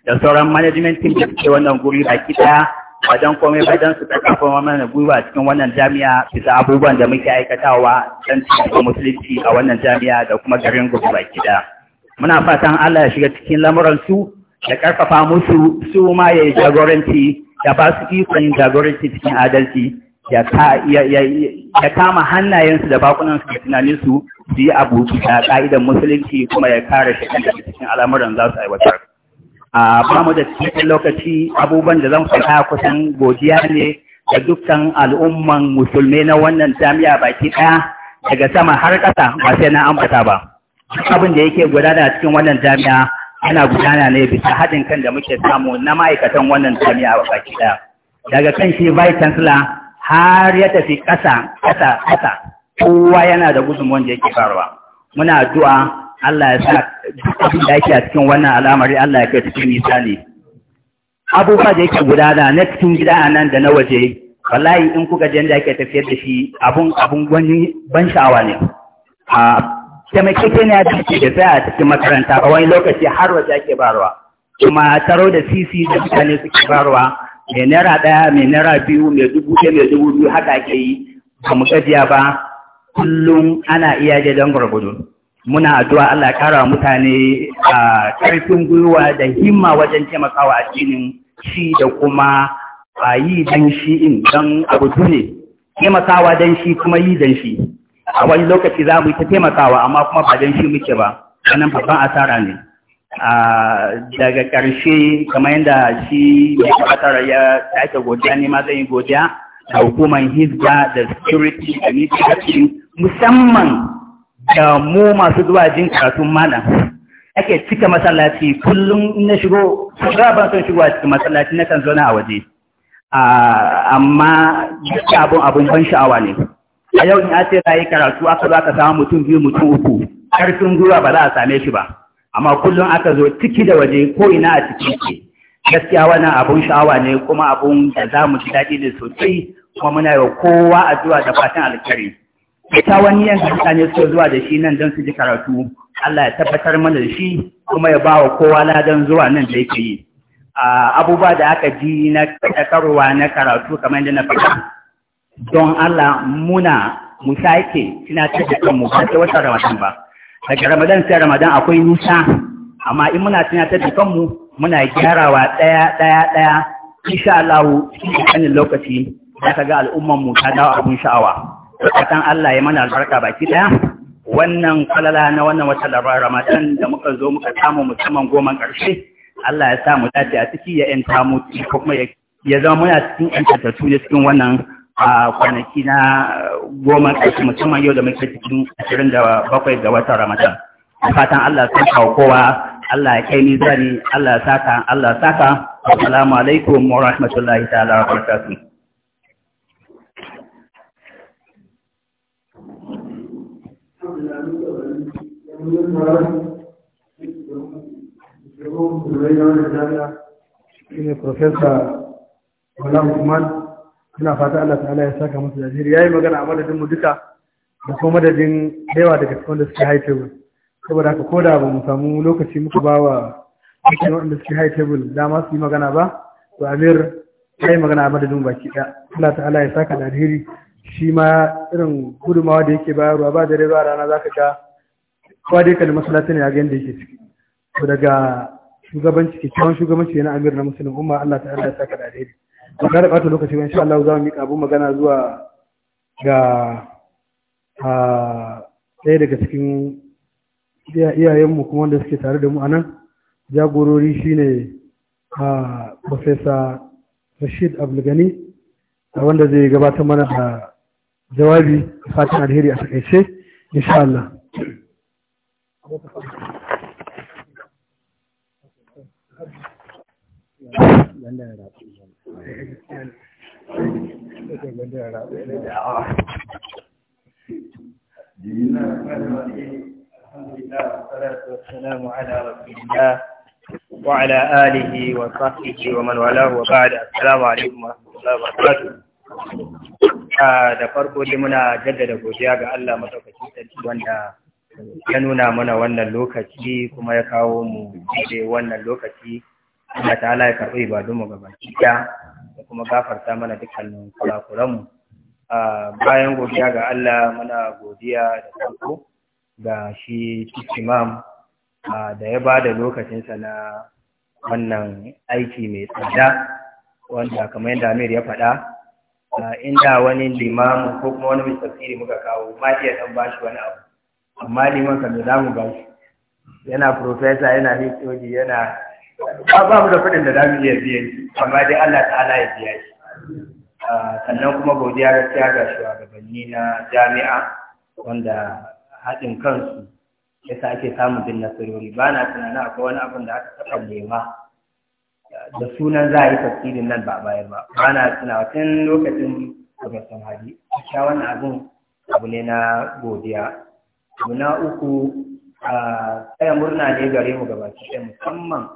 da sauran management team da suke wannan guri baki ɗaya ba komai ba don su ƙarfafa mana gwiwa cikin wannan jami'a bisa abubuwan da muke aikatawa don cikin musulunci a wannan jami'a da kuma garin gobe baki ɗaya muna fatan allah ya shiga cikin lamuransu da ƙarfafa musu su ma ya yi jagoranci da ba su ikon jagoranci cikin adalci ya kama hannayensu da bakunansu da tunaninsu su yi abu da ƙa'idan musulunci kuma ya kare shi da cikin al'amuran za su aiwatar. A mu da cikin lokaci abubuwan da zan faɗa kusan godiya ne da dukkan al'umman Musulmi na wannan jami'a baki ɗaya daga sama har ƙasa ba sai na ambata ba. Abin da yake gudana cikin wannan jami'a yana gudana ne bisa haɗin kan da muke samu na ma'aikatan wannan jami'a a baki ɗaya daga kan shi vice chancellor har ya tafi ƙasa ƙasa ƙasa kowa yana da gudun wanda yake faruwa muna addu'a Allah ya sa abin da yake a cikin wannan al'amari Allah ya kai cikin misali abubuwa da yake gudana na cikin gida a nan da na waje wallahi in kuka je da ake tafiyar da shi abun abun gwani ban sha'awa ne ah, ne ya ke da tsaya a cikin makaranta a wani lokaci har waje ake barwa kuma taro da sisi da mutane suke barwa mai naira ɗaya mai naira biyu mai dubu ɗaya mai dubu biyu haka ake yi ba mu gajiya ba kullum ana iya je don gwargwado muna addu'a Allah kara mutane a karfin gwiwa da himma wajen taimakawa addinin shi da kuma a yi don shi in don abu ne taimakawa dan shi kuma yi dan shi a wani lokaci za mu yi ta taimakawa amma kuma ba don shi muke ba wannan babban asara ne daga ƙarshe kamar yadda shi mai kwatar ya sake godiya ne ma zan yi godiya da hukumar hizga da security da musamman da mu masu zuwa jin karatun mana ake cika masallaci kullum na shigo shiga ban son shigo a cikin masallaci na kan zauna a waje amma duk abun abun ban sha'awa ne a yau in ce za yi karatu aka za ka samu mutum biyu mutum uku karfin gura ba za a same shi ba amma kullum aka zo ciki da waje ko ina a ciki ce gaskiya wannan abun sha'awa ne kuma abun da za mu ji daɗi ne sosai kuma muna yi wa kowa a zuwa da fatan alkari ita wani yanzu mutane suka zuwa da shi nan don su ji karatu Allah ya tabbatar mana da shi kuma ya ba wa kowa ladan zuwa nan da yake yi ah, abubuwa da aka ji na karuwa na karatu kamar yadda na faɗa don Allah muna musa yake suna da kanmu ba ta wata Ramadan ba daga Ramadan sai Ramadan akwai nisa amma in muna suna da kanmu muna gyarawa ɗaya ɗaya ɗaya insha Allah cikin kanin lokaci za ka ga al'umman mu ta dawo abun sha'awa fatan Allah ya mana albarka baki ɗaya wannan kalala na wannan wata Ramadan da muka zo muka samu musamman goma ƙarshe Allah ya sa mu dace a ciki ya yanta mu ko kuma ya zama muna cikin yantattu ne cikin wannan a kwanaki na goma ƙarshe musamman yau da muke cikin ashirin da bakwai ga watan ramadan fatan Allah sun kawo kowa Allah ya kai nizari Allah ya saka Allah ya saka assalamu alaikum wa rahmatullahi ta'ala wa barakatuh Profesa Wala Muhammad suna fata Allah ta'ala ya saka musu da yayi magana a madadin mu duka da kuma madadin yawa daga cikin da suke high saboda haka koda ba mu samu lokaci muku ba wa cikin waɗanda suke high table dama su yi magana ba to Amir yayi magana a madadin baki ɗaya Allah ta'ala ya saka da shi ma irin gudumawa da yake bayarwa ba dare ba rana zaka ka kowa dai kalmar salati ne a ga yanda yake ciki to daga shugabanci kyakkyawan shugabanci na Amir na Musulun umma Allah ta'ala ya saka da jiri ba da ɓata lokaci insha Allah za mu miƙa abin magana zuwa ga ɗaya daga cikin iyayenmu kuma wanda suke tare da mu a nan jagorori shine a Profesa Rashid Abdulgani a wanda zai gabatar mana da jawabi fatan alheri a takaice insha Allah. Thank you. والسلام وعلى آله وصحبه ومن والاه وبعد السلام عليكم ورحمة الله وبركاته da farko dai muna jaddada godiya ga Allah madaukakin sarki wanda ya nuna mana wannan lokaci kuma ya kawo mu daidai wannan lokaci Allah ta'ala ya karɓi ibadunmu ga baki ɗaya da kuma gafarta mana dukkan kurakuranmu bayan godiya ga Allah muna godiya da farko ga shi imam da ya ba da lokacinsa na wannan aiki mai tsada wanda kamar yadda Amir ya faɗa inda wani limamin ko kuma wani mai muka kawo ma iya dan bashi wani abu amma liman kan da mu shi yana professor yana history yana ba mu da kuɗin da zamu iya biyan amma dai Allah ta'ala ya biya shi ah, sannan kuma godiya gaskiya ga shugabanni na jami'a wanda haɗin kansu ya sa ake samun bin nasarori ba na tunanin akwai wani abin da aka taɓa nema da sunan za a yi tafsirin nan ba baya ba ba na tunawa tun lokacin profesor hadi a wannan abin abu ne na godiya abu na uku a ah, tsaya murna ne gare mu gabaki ɗaya musamman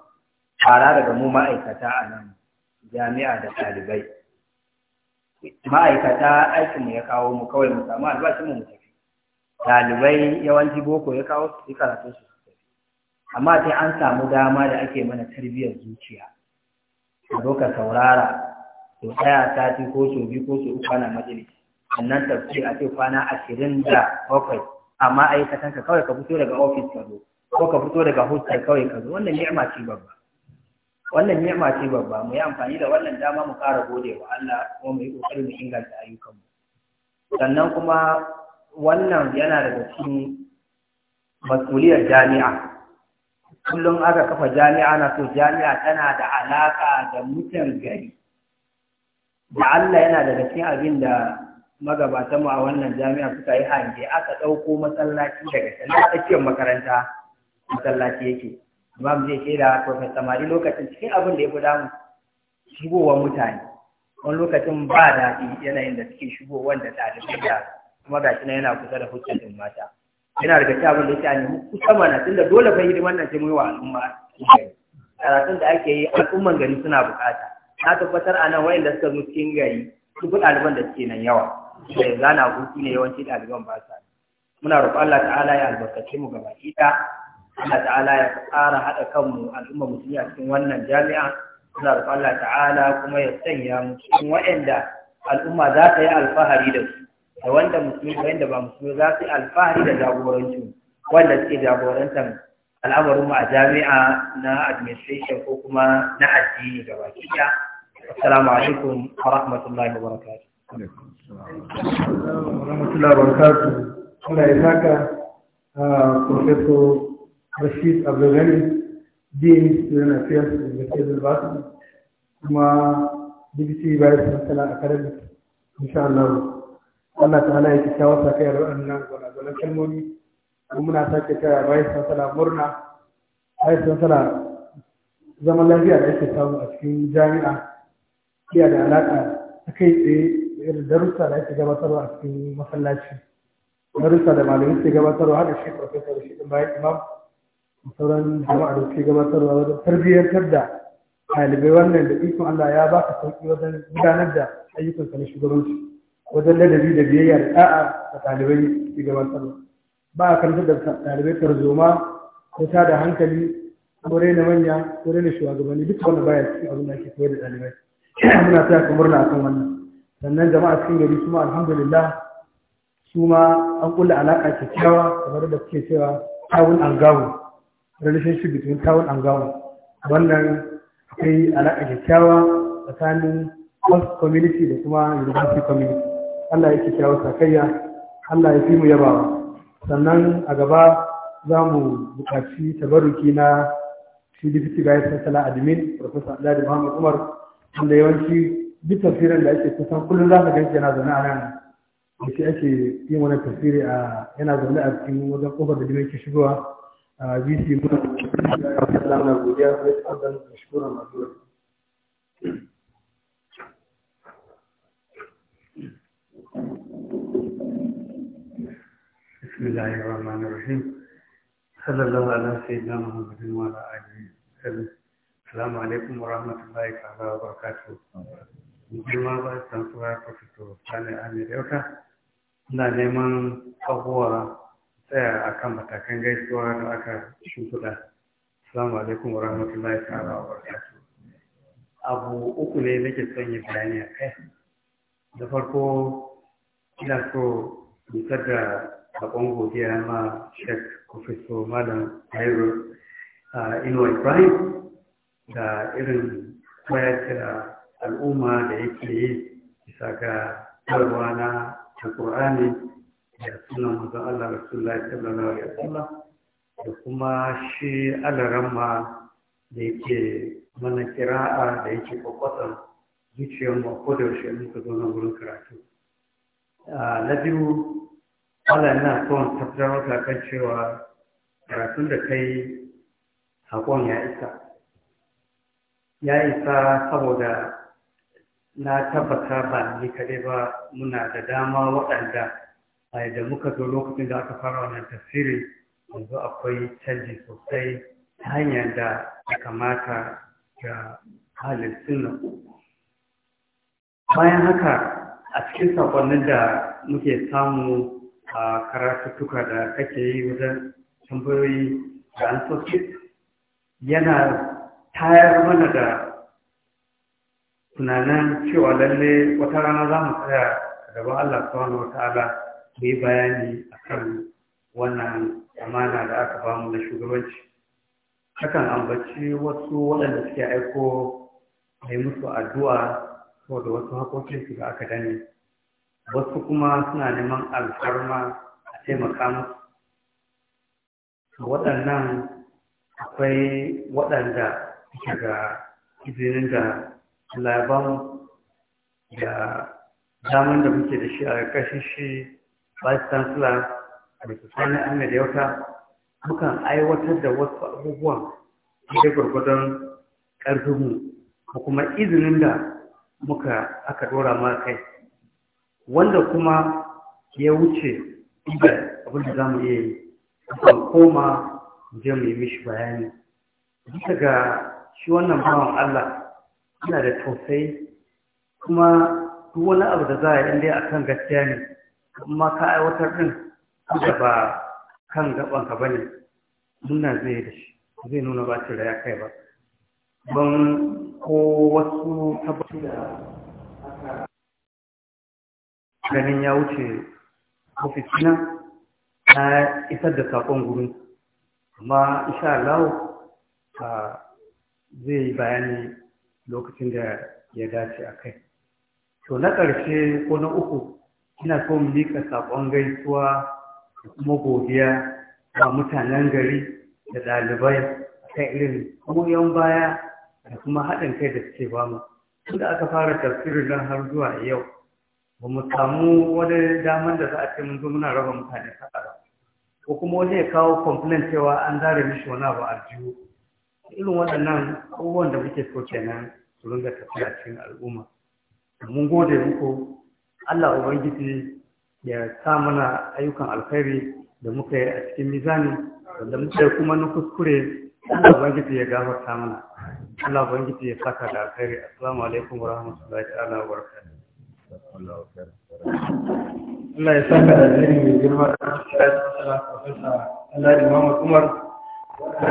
fara daga mu ma'aikata a nan jami'a da ɗalibai ma'aikata aikinmu ya kawo mu kawai mu samu albashin mu tafi ɗalibai yawanci boko ya kawo su karatu su tafi amma sai an samu dama da ake mana tarbiyyar zuciya a zo ka saurara to tsaya sati ko so biyu ko so uku ana majalisi sannan tafsir a ce kwana ashirin da bakwai amma aikatan ka kawai ka fito daga ofis ka zo ko ka fito daga hostel kawai ka zo wannan ni'ima ce babba wannan ni'ima ce babba mu yi amfani da wannan dama mu ƙara gode wa Allah kuma mu yi ƙoƙari mu inganta ayyukanmu sannan kuma wannan yana daga cikin masuliyar jami'a kullum aka kafa jami'a na so jami'a tana da alaƙa da mutan gari da Allah yana daga cikin abin da magabatanmu a wannan jami'a suka yi hange aka ɗauko masallaci daga tsakiyar makaranta masallaci yake imam zai shaida da mai samari lokacin cikin abin da ya fi damu shigowar mutane wani lokacin ba daɗi yanayin da suke shigowar da ɗalibai da kuma ga shi yana kusa da hujjatin mata yana daga cikin abin da ya ce a nemi kusa mana da dole fa hidiman nan sai mu yi wa al'umma karatun da ake yi al'umman gari suna bukata na tabbatar a nan wayanda suka zo cikin gari duk ɗaliban da suke nan yawa da yanzu ana hutu ne yawanci ɗaliban ba sa muna roƙon Allah ta'ala ya albarkace mu gaba ɗaya Allah ta'ala ya ƙara haɗa kanmu al'umma musulmi a cikin wannan jami'a Allah da Allah ta'ala kuma ya sanya mu cikin waɗanda al'umma za ta yi alfahari da su da wanda musulmi da wanda ba musulmi za su yi alfahari da jagorancin wanda suke jagorantar al'amarin mu a jami'a na administration ko kuma na addini gaba ɗaya assalamu alaikum wa rahmatullahi wa barakatuh wa rahmatullahi wa Allah ya saka ah, Profesor rashid abdulgani dean student affairs university Albasu, kuma bbc bayan sansana academy insha Allah Allah ta halaye ki shawo sa kai nan gwanagwanan kalmomi kuma muna sake taya bayan sansana murna bayan sansana zaman lafiya da ake samu a cikin jami'a iya da alaƙa ta kai tsaye irin darussa da ake gabatarwa a cikin masallaci darussa da malamai ke gabatarwa haka shi farfesa da shi ɗin bayan imam sauran jama'a da suke gabatarwa wajen tarbiyyantar da ɗalibai wannan da ikon Allah ya ba ka sauƙi wajen gudanar da ayyukanka na shugabanci wajen ladabi da biyayya da ɗa'a da ɗalibai suke gabatarwa ba a karantar da ɗalibai tarzoma ko ta da hankali ko na manya ko na shugabanni duk wanda baya cikin abin da ake koyar da ɗalibai muna taya ka murna akan wannan sannan jama'a cikin gari kuma alhamdulillah su ma an kulla alaƙa kyakkyawa kamar da kuke cewa kawun an gawo relationship between town and government wannan akwai alaƙa kyakkyawa tsakanin host community da kuma university community Allah ya kyakkyawa sakayya Allah ya fi mu yabawa sannan a gaba za mu buƙaci tabaruki na CDPT Gaya Sassala Admin Professor Adadi Muhammad Umar wanda yawanci duk tafsirin da ake kusan kullum za ka ganci yana zaune a nan da shi ake yin wani tafsiri a yana zaune a cikin wajen kofar da dimin ke shigowa a bisi muna da Allah na godiya na بسم الله الرحمن الرحيم صلى الله على سيدنا محمد وعلى آله السلام عليكم الله تعالى وبركاته san suwa professor Sani neman tsaya a kan matakan gaisuwa da aka shimfiɗa. Salamu alaikum wa rahmatullahi ta'ala wa barakatu. Abu uku ne nake son yi bayani a kai. Da farko ina so isar da sakon godiya ma Sheikh Kofiso Malam Hairu Inuwa Ibrahim da irin koyar da al'umma da yake yi bisa ga tarwa na Alƙur'ani da sunan manzon Allah Rasulullahi sallallahu alaihi wasallam da kuma shi alaramma da yake mana kira'a da yake kwakwatan zuciyar mu ko da yaushe muka zo na wurin karatu na biyu Allah yana son tattara maka kan cewa karatun da kai hakon ya isa ya isa saboda na tabbata ba ni kaɗai ba muna da dama waɗanda a yadda muka zo lokacin da aka fara wannan tafsirin yanzu akwai canji sosai ta hanyar da ya kamata ga halin sunna bayan haka a cikin saƙonnin da muke samu a karatuttuka da kake yi wajen tambayoyi da an yana tayar mana da tunanin cewa lalle wata rana za mu tsaya gaban Allah subhanahu wa ta'ala Ku yi bayani akan wannan amana da aka bamu na shugabanci akan ambaci wasu waɗanda suke aiko mai musu addu'a saboda wasu haƙoƙinsu da aka dane wasu kuma suna neman alfarma a taimaka musu waɗannan akwai waɗanda suke ga izinin da Allah da daman da muke da shi a ƙarƙashin shi vice da Mr. an Ahmed Yauta muka aiwatar da wasu abubuwan da gwargwadon ƙarfinmu ko kuma izinin da muka aka dora ma kai wanda kuma ya wuce inda abin da za mu iya yi kan koma je mu yi mishi bayani bisa ga shi wannan bawan Allah yana da tausayi kuma duk wani abu da za a yi inda a kan gaskiya ne amma ka aiwatar din da ba kan gaban ka bane muna zai da shi zai nuna ba da ya kai ba ban ko wasu tabbatu da ganin ya wuce ofisina na isar da sakon gurin amma insha Allah zai yi bayani lokacin da ya dace a kai to na ƙarshe ko na uku ina so mu mika saƙon gaisuwa da kuma godiya ga mutanen gari da ɗalibai kan irin goyon baya da kuma haɗin kai da suke bamu tunda aka fara tafsirin nan har zuwa yau ba mu samu wani damar da za a ce mun zo muna raba mutane ta ƙara ko kuma wani ya kawo complain cewa an zare mishi wani abu a irin waɗannan abubuwan da muke so kenan su ringa tafiya cikin al'umma mun gode muku Allah ubangiji ya sa mana ayyukan alkhairi da muka yi a cikin mizani wanda muka yi kuma na kuskure Allah ubangiji ya gafarta mana Allah ubangiji ya saka da alkhairi assalamu alaikum wa rahmatullahi ta'ala wa Allah ya saka da alkhairi mai girma da Allah profesa Allah Muhammad Umar da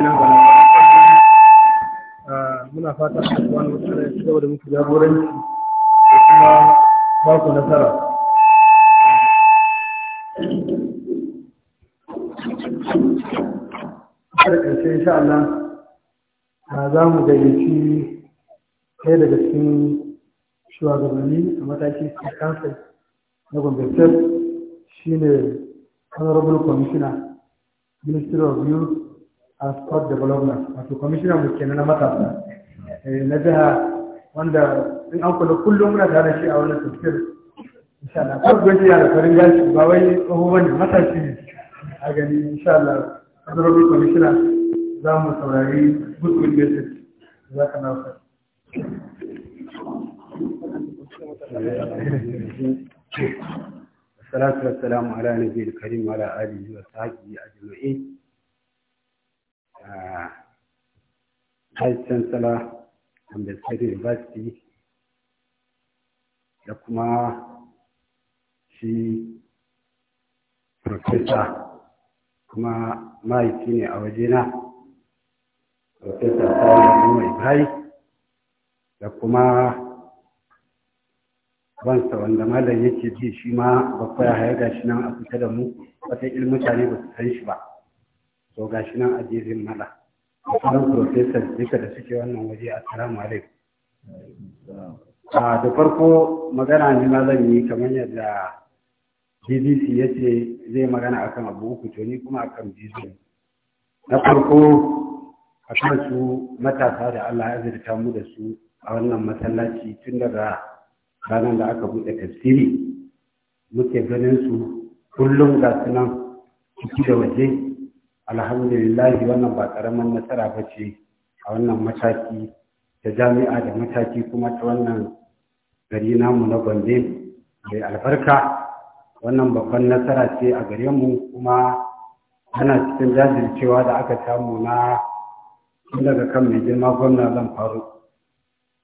ah, muna fata Allah subhanahu wa da ya da muku jagoranci da kuma ba ku nasara har ƙarshe insha Allah za mu gayyaci ɗaya daga cikin shugabanni a mataki cikin kansai na gwamnatar shi ne honorable commissioner ministry of youth and sport development wato commissioner mu kenan na matasa eh, na jiha wanda in an kula kullum muna tare shi a wannan tafiyar insha Allah kar gwaji ya farin gashi ba wai tsoho bane matashi ne a gani insha Allah kadarobin commissioner za mu saurari good good message za ka na wasa الصلاة karim wa نبي الكريم وعلى آله وصحبه أجمعين. هاي السنسلة Ambil University da kuma shi Profesa kuma mahaifi ne a wajena Profesa Sani Umar Ibrahim da kuma bansa wanda malam yake ji shi ma bakwai ya haya gashi nan a fita da mu wata mutane ba su san shi ba so gashi nan a jerin mala sauran professors duka da suke wannan waje a alaikum a ah, da farko magana ne ma zan yi kamar yadda bbc ya ce zai magana akan abu uku to ni kuma akan bizu na farko a kan su matasa da allah ya azurta mu da su a wannan masallaci tun daga ranar da aka buɗe tafsiri muke ganin su kullum ga sunan ciki da waje alhamdulillahi wannan ba karamin nasara ba ce a wannan mataki ta jami'a da mataki kuma ta wannan gari namu na gombe mai albarka wannan babban nasara ce a gare mu kuma ana cikin jajircewa da aka samu na tun daga kan mai girma gwamna zan faru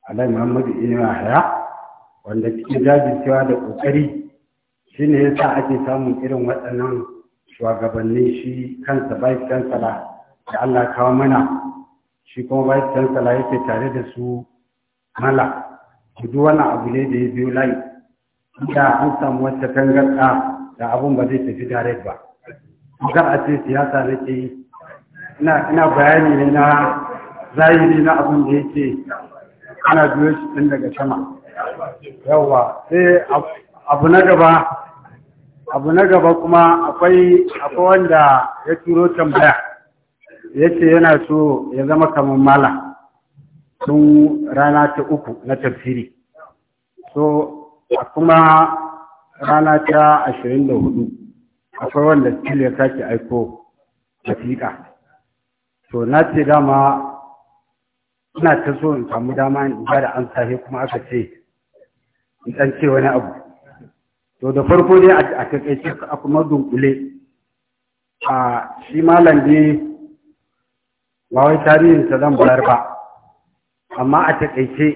alai muhammadu inuwa haya wanda cikin jajircewa da ƙoƙari shine yasa ake samun irin waɗannan shugabanni shi kansa vice chancellor da Allah kawo mana shi kuma vice chancellor yake tare da su mala duk wannan abu ne da ya biyo layi da an samu wata tangarɗa da abun ba zai tafi direct ba ga a ce siyasa na ke ina bayani ne na zahiri na abun da yake ana biyo shi tun daga sama yawa sai abu na gaba abu na gaba kuma akwai wanda ya turo tambaya ya ce yana so ya zama kamar mala tun rana ta uku na tafsiri so kuma rana ta ashirin da hudu akwai wanda cikin ya sake aiko wasiƙa to na ce dama ina ta so in samu dama in ba da an sahi kuma aka ce in wani abu to da farko dai a takaice a kuma dunkule a shi malam dai ba wai tarihinsa zan bayar ba amma a takaice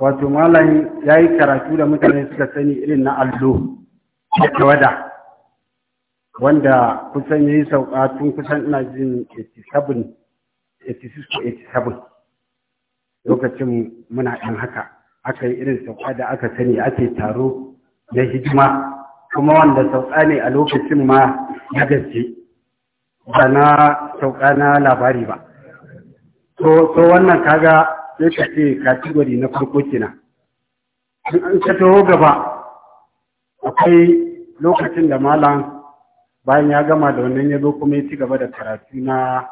wato malam ya yi karatu da mutane suka sani irin na allo da tawada wanda kusan ya yi sauka tun kusan ina jin 87 87 lokacin muna ɗan haka aka yi irin sauka da aka sani ake taro da hikima kuma wanda sauka ne a lokacin ma ya gaske ba na sauka na labari ba to wannan kaga sai ka ce kategori na farko kina in ka taho gaba akwai lokacin da malam bayan ya gama da wannan ya zo kuma ya ci gaba da karatu na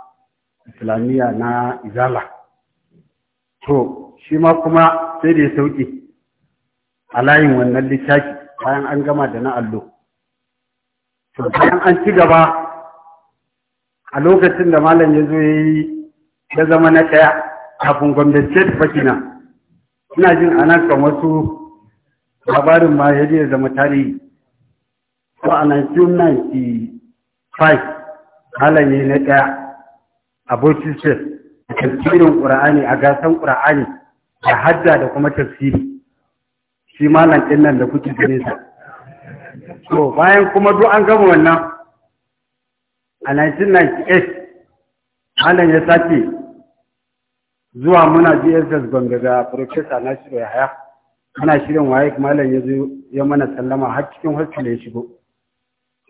islamiyya na izala to shi ma kuma sai da ya sauke a layin wannan littafi bayan an gama da na allo bayan an ci gaba a lokacin da malam ya zo ya yi ya zama na ɗaya kafin gwamnati ta fakina ina jin ana kan wasu labarin ma ya je zama tarihi ko a 1995 malam ya yi na ɗaya a bauchi a tafsirin ƙura'ani a gasan ƙura'ani da hajja da kuma tafsiri shi malam ɗin nan da kuke gane sa to bayan kuma duk an gama wannan a 1998 malam ya sake zuwa muna GSS gombe ga professor nasiru yahaya ana shirin waye malam ya zo ya mana sallama har cikin hospital ya shigo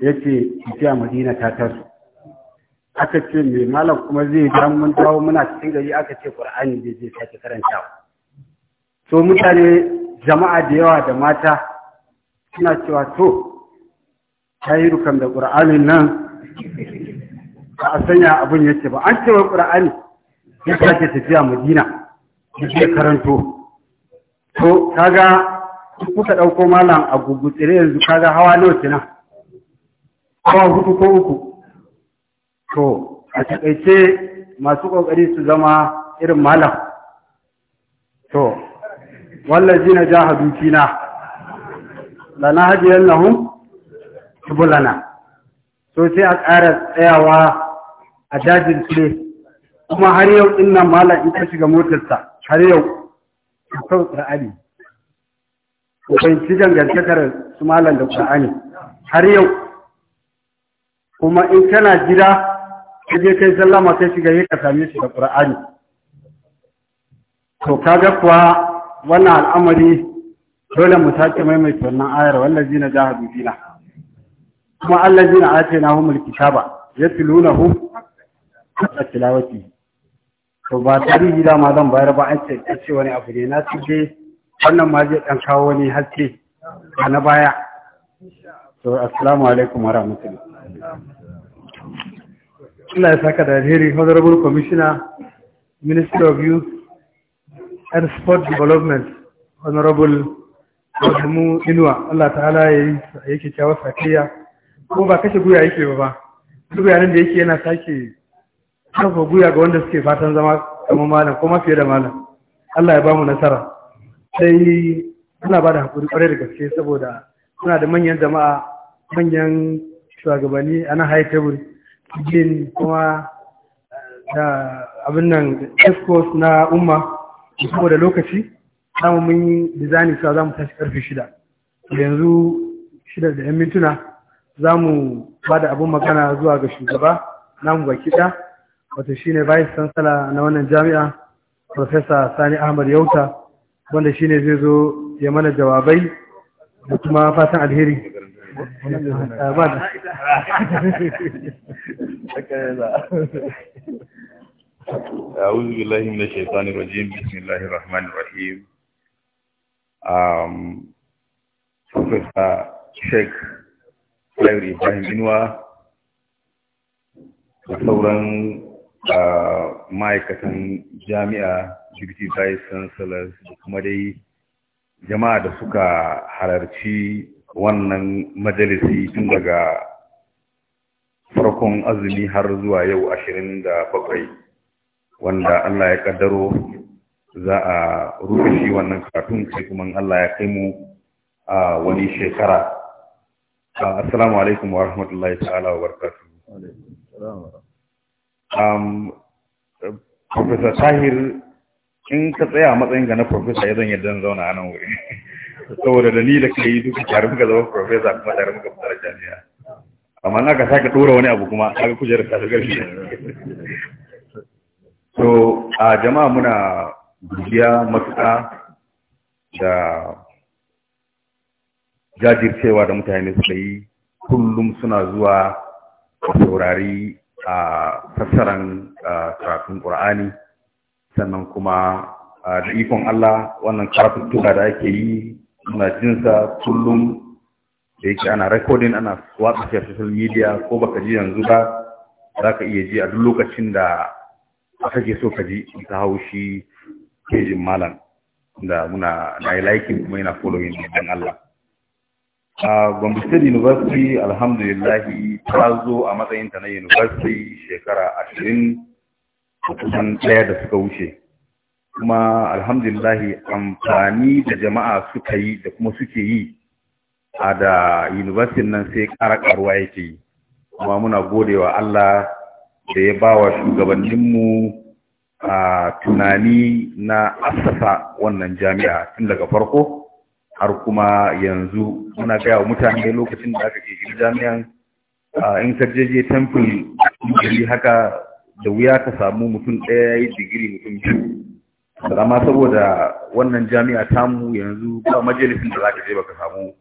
ya ce tafiya madina ta taso aka ce mai malam kuma zai da mun dawo muna cikin gari aka ce kur'ani zai je sake karantawa so mutane jama'a da yawa da mata suna cewa to rukan da ƙura'anin nan ba a sanya abin yake ba an cewa ƙura'ani ya sake tafiya madina da ke karanto to kaga kuka ɗauko malam a gugutsire yanzu kaga hawa nawa kenan hawa hudu ko uku to a taƙaice masu ƙoƙari su zama irin malam to wallazina jahadu fina lanahdiyannahum subulana so sai a ƙara tsayawa a dajin cire kuma har yau din nan malam in ka shiga motarsa har yau ka sau qur'ani ko ci dangantakar su malam da qur'ani har yau kuma in kana gida ka je kai sallama kai shiga yi ka same shi da qur'ani to kaga kuwa wannan al'amari dole mu sake maimaita wannan ayar wallazi na jahadu fina kuma allazi na ake na humul kitaba yatlunahu haqqa tilawati to ba tarihi gida ma zan bayar ba an ce ce wani abu ne na tije wannan ma zai dan kawo wani haske a na baya to assalamu alaikum wa rahmatullahi Allah ya saka da alheri honorable commissioner minister of youth and sport development honorable Adamu Inuwa Allah ta'ala ya yi yake kyakkyawar sakayya kuma ba kashe guya yake ba ba duk yaran da yake yana sake kafa guya ga wanda suke fatan zama kamar malam ko fiye da malam Allah ya ba mu nasara sai ana ba da hakuri ƙwarai da gaske saboda suna da manyan jama'a manyan shugabanni a nan high table kuma eh, da abin nan escorts na umma saboda lokaci samun mun yi dizani cewa mu tashi karfe shida yanzu shida da yan mintuna za mu ba da abin magana zuwa ga shugaba namu baki ɗaya wato shine vice chancellor na wannan jami'a professor Sani Ahmad Yauta wanda shine zai zo ya mana jawabai da kuma fatan alheri أعوذ بالله من الشيطان الرجيم بسم الله الرحمن الرحيم um, Professor Sheikh Larry Ibrahim Inuwa da sauran ma'aikatan jami'a Jibiti Vice Chancellors da kuma dai jama'a da suka halarci wannan majalisi tun daga farkon azumi har zuwa yau ashirin da bakwai. wanda Allah ya kaddaro za a rufe shi wannan katun sai kuma Allah ya kai mu a wani shekara assalamu alaikum wa rahmatullahi ta'ala wa barakatuh um professor tahir in ka tsaya a matsayin ga na professor ya zan yadda zauna a nan wuri saboda dalilin ka yi duka tare muka zama professor kuma tare muka fitar jami'a amma na ka sake dora wani abu kuma aka kujerar ta ga shi so a jama'a muna gudiya matuƙa da jajircewa da mutane suka yi kullum suna zuwa saurari a fassaran karatun ƙur'ani sannan kuma da ikon Allah wannan karatuttuka da ake yi muna jinsa kullum da yake ana recording ana watsa social media ko baka ji yanzu ba za ka iya ji a duk lokacin da kake so ka ji ta haushi kejin malam da muna na yi laikin kuma yana following don Allah. A Gombe State University alhamdulillahi ta zo a matsayin ta na university shekara ashirin kusan ɗaya da suka wuce. Kuma alhamdulillahi amfani da jama'a suka yi da kuma suke yi a da university nan sai ƙara ƙaruwa yake yi. Kuma muna godewa Allah da ya ba wa shugabanninmu a tunani na asasa wannan jami'a tun daga farko har kuma yanzu muna gaya wa mutane lokacin da aka ke jami'an in ka temple digiri haka da wuya ka samu mutum ɗaya ya yi digiri mutum biyu amma saboda wannan jami'a tamu yanzu ba majalisin da za ka je ba ka samu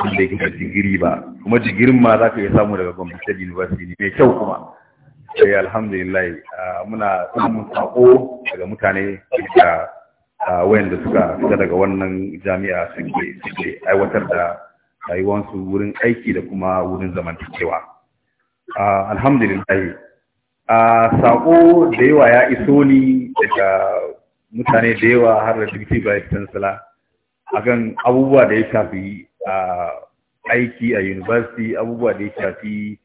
wanda ya da digiri ba kuma digirin ma za ka iya samu daga gwamnati university ne mai kyau kuma sai eh, alhamdulillah ah, muna samun sako daga mutane da ah, wayanda suka fita daga wannan jami'a suke suke aiwatar da rayuwarsu wurin aiki da kuma wurin zamantakewa ah, alhamdulillah sako da yawa ya iso ni daga mutane da yawa har da deputy vice chancellor akan abubuwa da ya shafi aiki a university abubuwa da ya shafi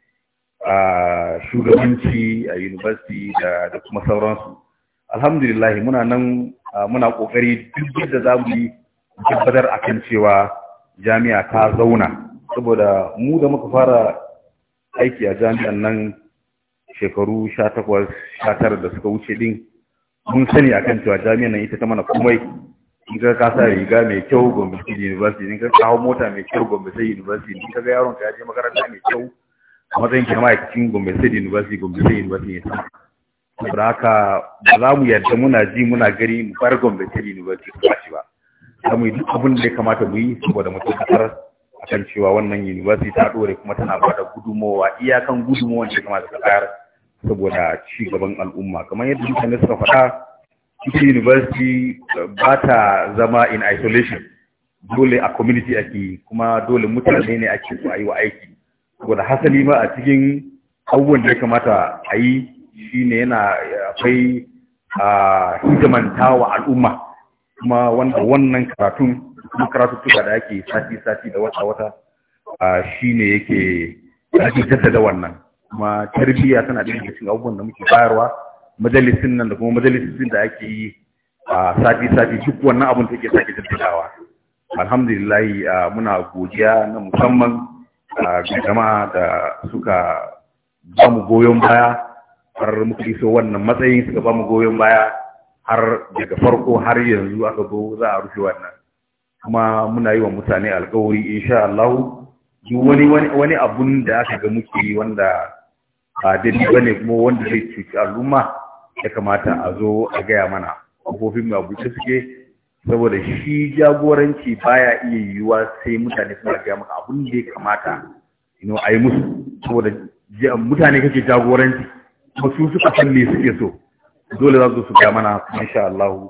a shugabanci a university da kuma sauransu alhamdulillah muna nan muna kokari duk da za mu yi tabbatar kan cewa jami'a ta zauna saboda mu da muka fara aiki a jami'an nan shekaru 18 19 da suka wuce din mun sani akan cewa jami'an nan ita ta mana komai in ka kasa riga mai kyau Gombe State University in ka kawo mota mai kyau Gombe State University in ka ga yaron ka ya je makaranta mai kyau a matsayin ki ma'aikacin Gombe State University Gombe State University ne saboda haka ba za mu yarda muna ji muna gari mu bar Gombe State University ba shi ba za mu yi duk abin da ya kamata mu yi saboda mu tabbatar akan cewa wannan university ta dore kuma tana ba da gudunmowa iyakan gudunmowa da kamata ta bayar saboda ci gaban al'umma kamar yadda mutane suka faɗa ita university ba ta zama in isolation dole a community ake kuma dole mutane ne ake su a yi wa aiki saboda hasali ma a cikin abubuwan da ya kamata a yi shine yana akwai a hidimanta wa al'umma kuma wanda wannan karatun kuma karatuttuka da ake sati-sati da wata-wata shine yake ake jaddada wannan kuma tarbiyya tana da cikin abubuwan da muke bayarwa majalisin nan da kuma majalisin da ake yi a sati-sati duk wannan abun ke sake jaddadawa alhamdulillah muna godiya na musamman a jama'a da suka ba mu goyon baya har muka iso wannan matsayi suka ba mu goyon baya har daga farko har yanzu aka zo za a rufe wannan kuma muna yi wa mutane alkawari insha Allah wani wani abun da aka ga muke wanda ba daidai bane kuma wanda zai cuci al'umma ya kamata a zo a gaya mana kofofin mu a buɗe suke saboda shi jagoranci baya iya yiwuwa sai mutane suna gaya maka abin da ya kamata ino a yi musu saboda mutane kake jagoranci kuma su suka san me suke so dole za su gaya mana insha Allah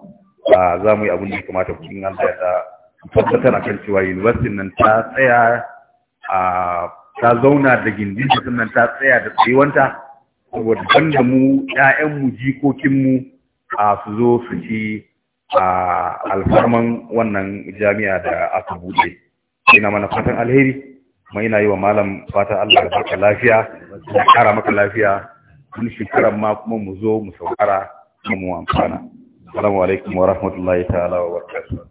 za mu yi abin da ya kamata cikin Allah ya tabbatar akan cewa university nan ta tsaya a ta zauna da gindin sannan ta tsaya da tsayuwanta saboda banda mu 'ya'yanmu jikokinmu a su zo su ci a alfarman wannan jami'a da aka buɗe ina mana fatan alheri kuma ina yi wa malam fatan Allah ya baka lafiya ya kara maka lafiya Mun shekaran ma kuma mu zo mu saukara kuma mu amfana assalamu alaikum wa rahmatullahi ta'ala wa barakatuh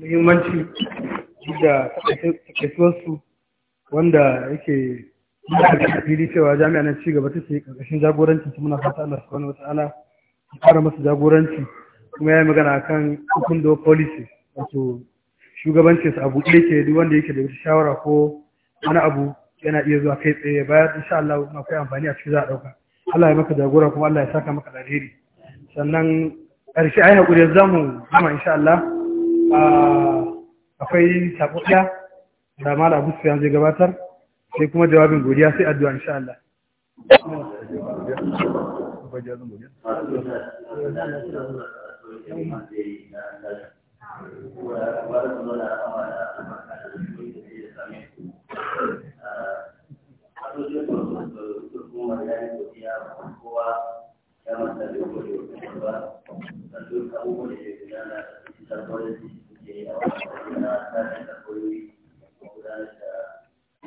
muhimmanci da kaisuwarsu wanda yake muna da fili cewa jami'a ci cigaba ta ce karkashin jagoranci muna fata Allah subhanahu wata'ala ya fara masa jagoranci kuma ya yi magana kan open da policy wato shugabanci su abu ɗaya ke duk wanda yake da wata shawara ko wani abu yana iya zuwa kai tsaye bayan insha Allah na kai amfani a cikin za a ɗauka Allah ya maka jagora kuma Allah ya saka maka alheri sannan ƙarshe ai haƙuri za mu gama insha Allah ah, akwai sako ɗaya da Malam Abu Sufyan zai gabatar sai kuma jawabin godiya sai addu'a insha Allah Thank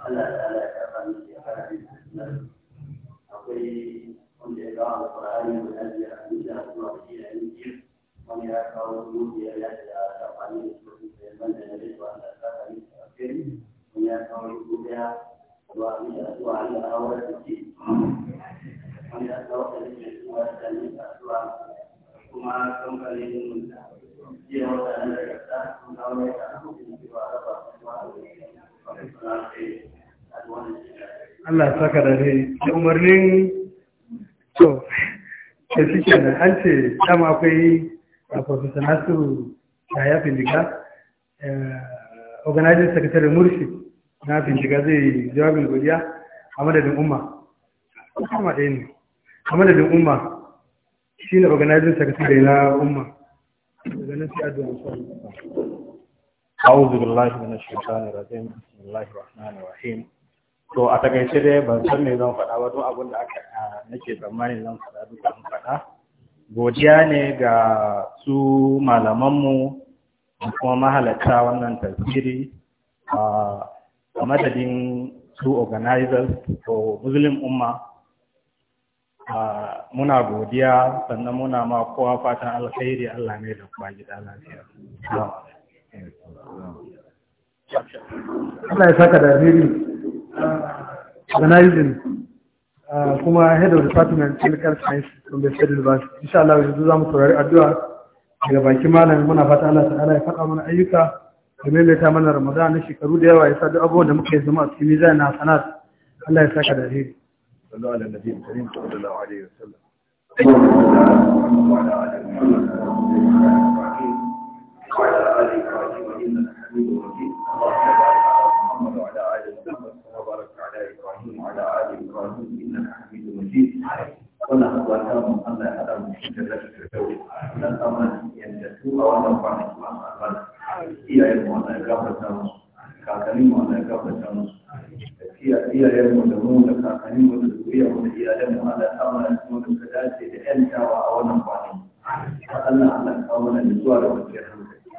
Allah Ta'ala Allah Allah ya saka da ne da umarnin to da suke da an ce dama akwai a professor nasiru da ya findiga eh, organizer secretary murshi na findiga zai jawabin godiya a madadin umma kuma ɗaya ne a madadin umma shi ne organizing secretary na umma Ganin sai a addu'a أعوذ بالله من الشيطان الرجيم بسم الله الرحمن الرحيم to a takaice dai ban san me zan faɗa ba duk abin da aka nake tsammani zan faɗa duk an faɗa godiya ne ga su malamanmu da kuma mahalarta wannan tafsiri a madadin su organizers to muslim umma muna godiya sannan muna ma kowa fatan alkhairi Allah ne da kuma gida lafiya Allah ya saka da amiri organizing uh, kuma head of department clinical science from the state university insha Allah yanzu za mu saurari addu'a daga bakin malamin muna fata Allah ala ya faɗa mana ayyuka da maimaita mana Ramadan na shekaru da yawa ya sa duk abubuwan da muka yi zama a cikin mizan na sanat Allah ya saka da alheri sallallahu alaihi wa sallam وعلى آل إبراهيم إنك حميد مجيد اللهم بارك على محمد وعلى آل محمد كما باركت على إبراهيم وعلى آل إبراهيم إنك حميد مجيد wannan abubuwan Allah ya haɗa mu cikin da shi da yau nan aman yanda su a wannan kwanaki masu albarka iyayen mu Allah ya gafarta musu kakannin mu Allah ya gafarta musu iyayen mu da mu da kakannin mu da zuriya mu da iyayen mu Allah ya sa mana su da suka dace da yantawa a wannan kwanaki Allah Allah ya kawo mana nutsuwa da kwanciyar hankali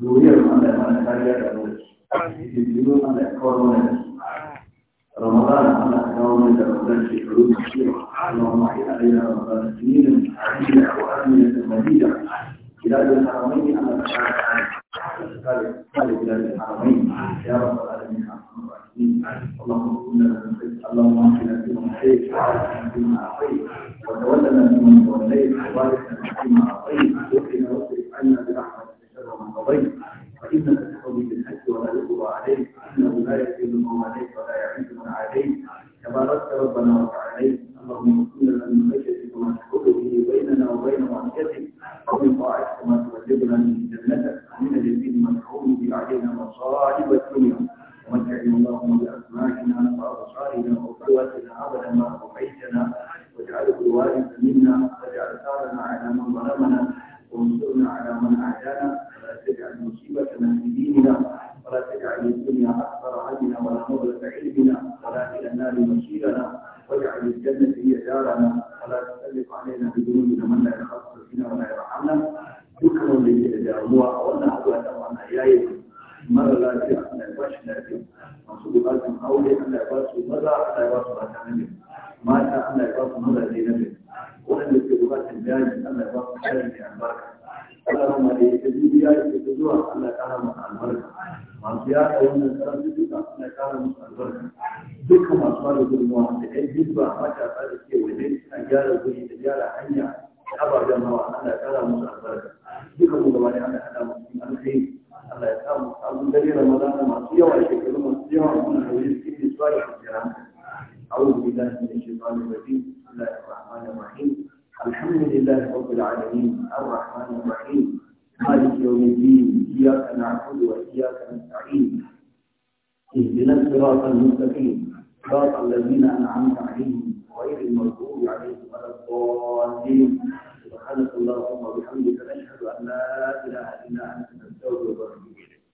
gloria hermana hermana Caria da y si tú hermana Córdoba Ramadán hermana Carlos de Ramadán si tú no quieres no vamos a ir a ir a Ramadán ni en la vida ni en la vida y la vida de la familia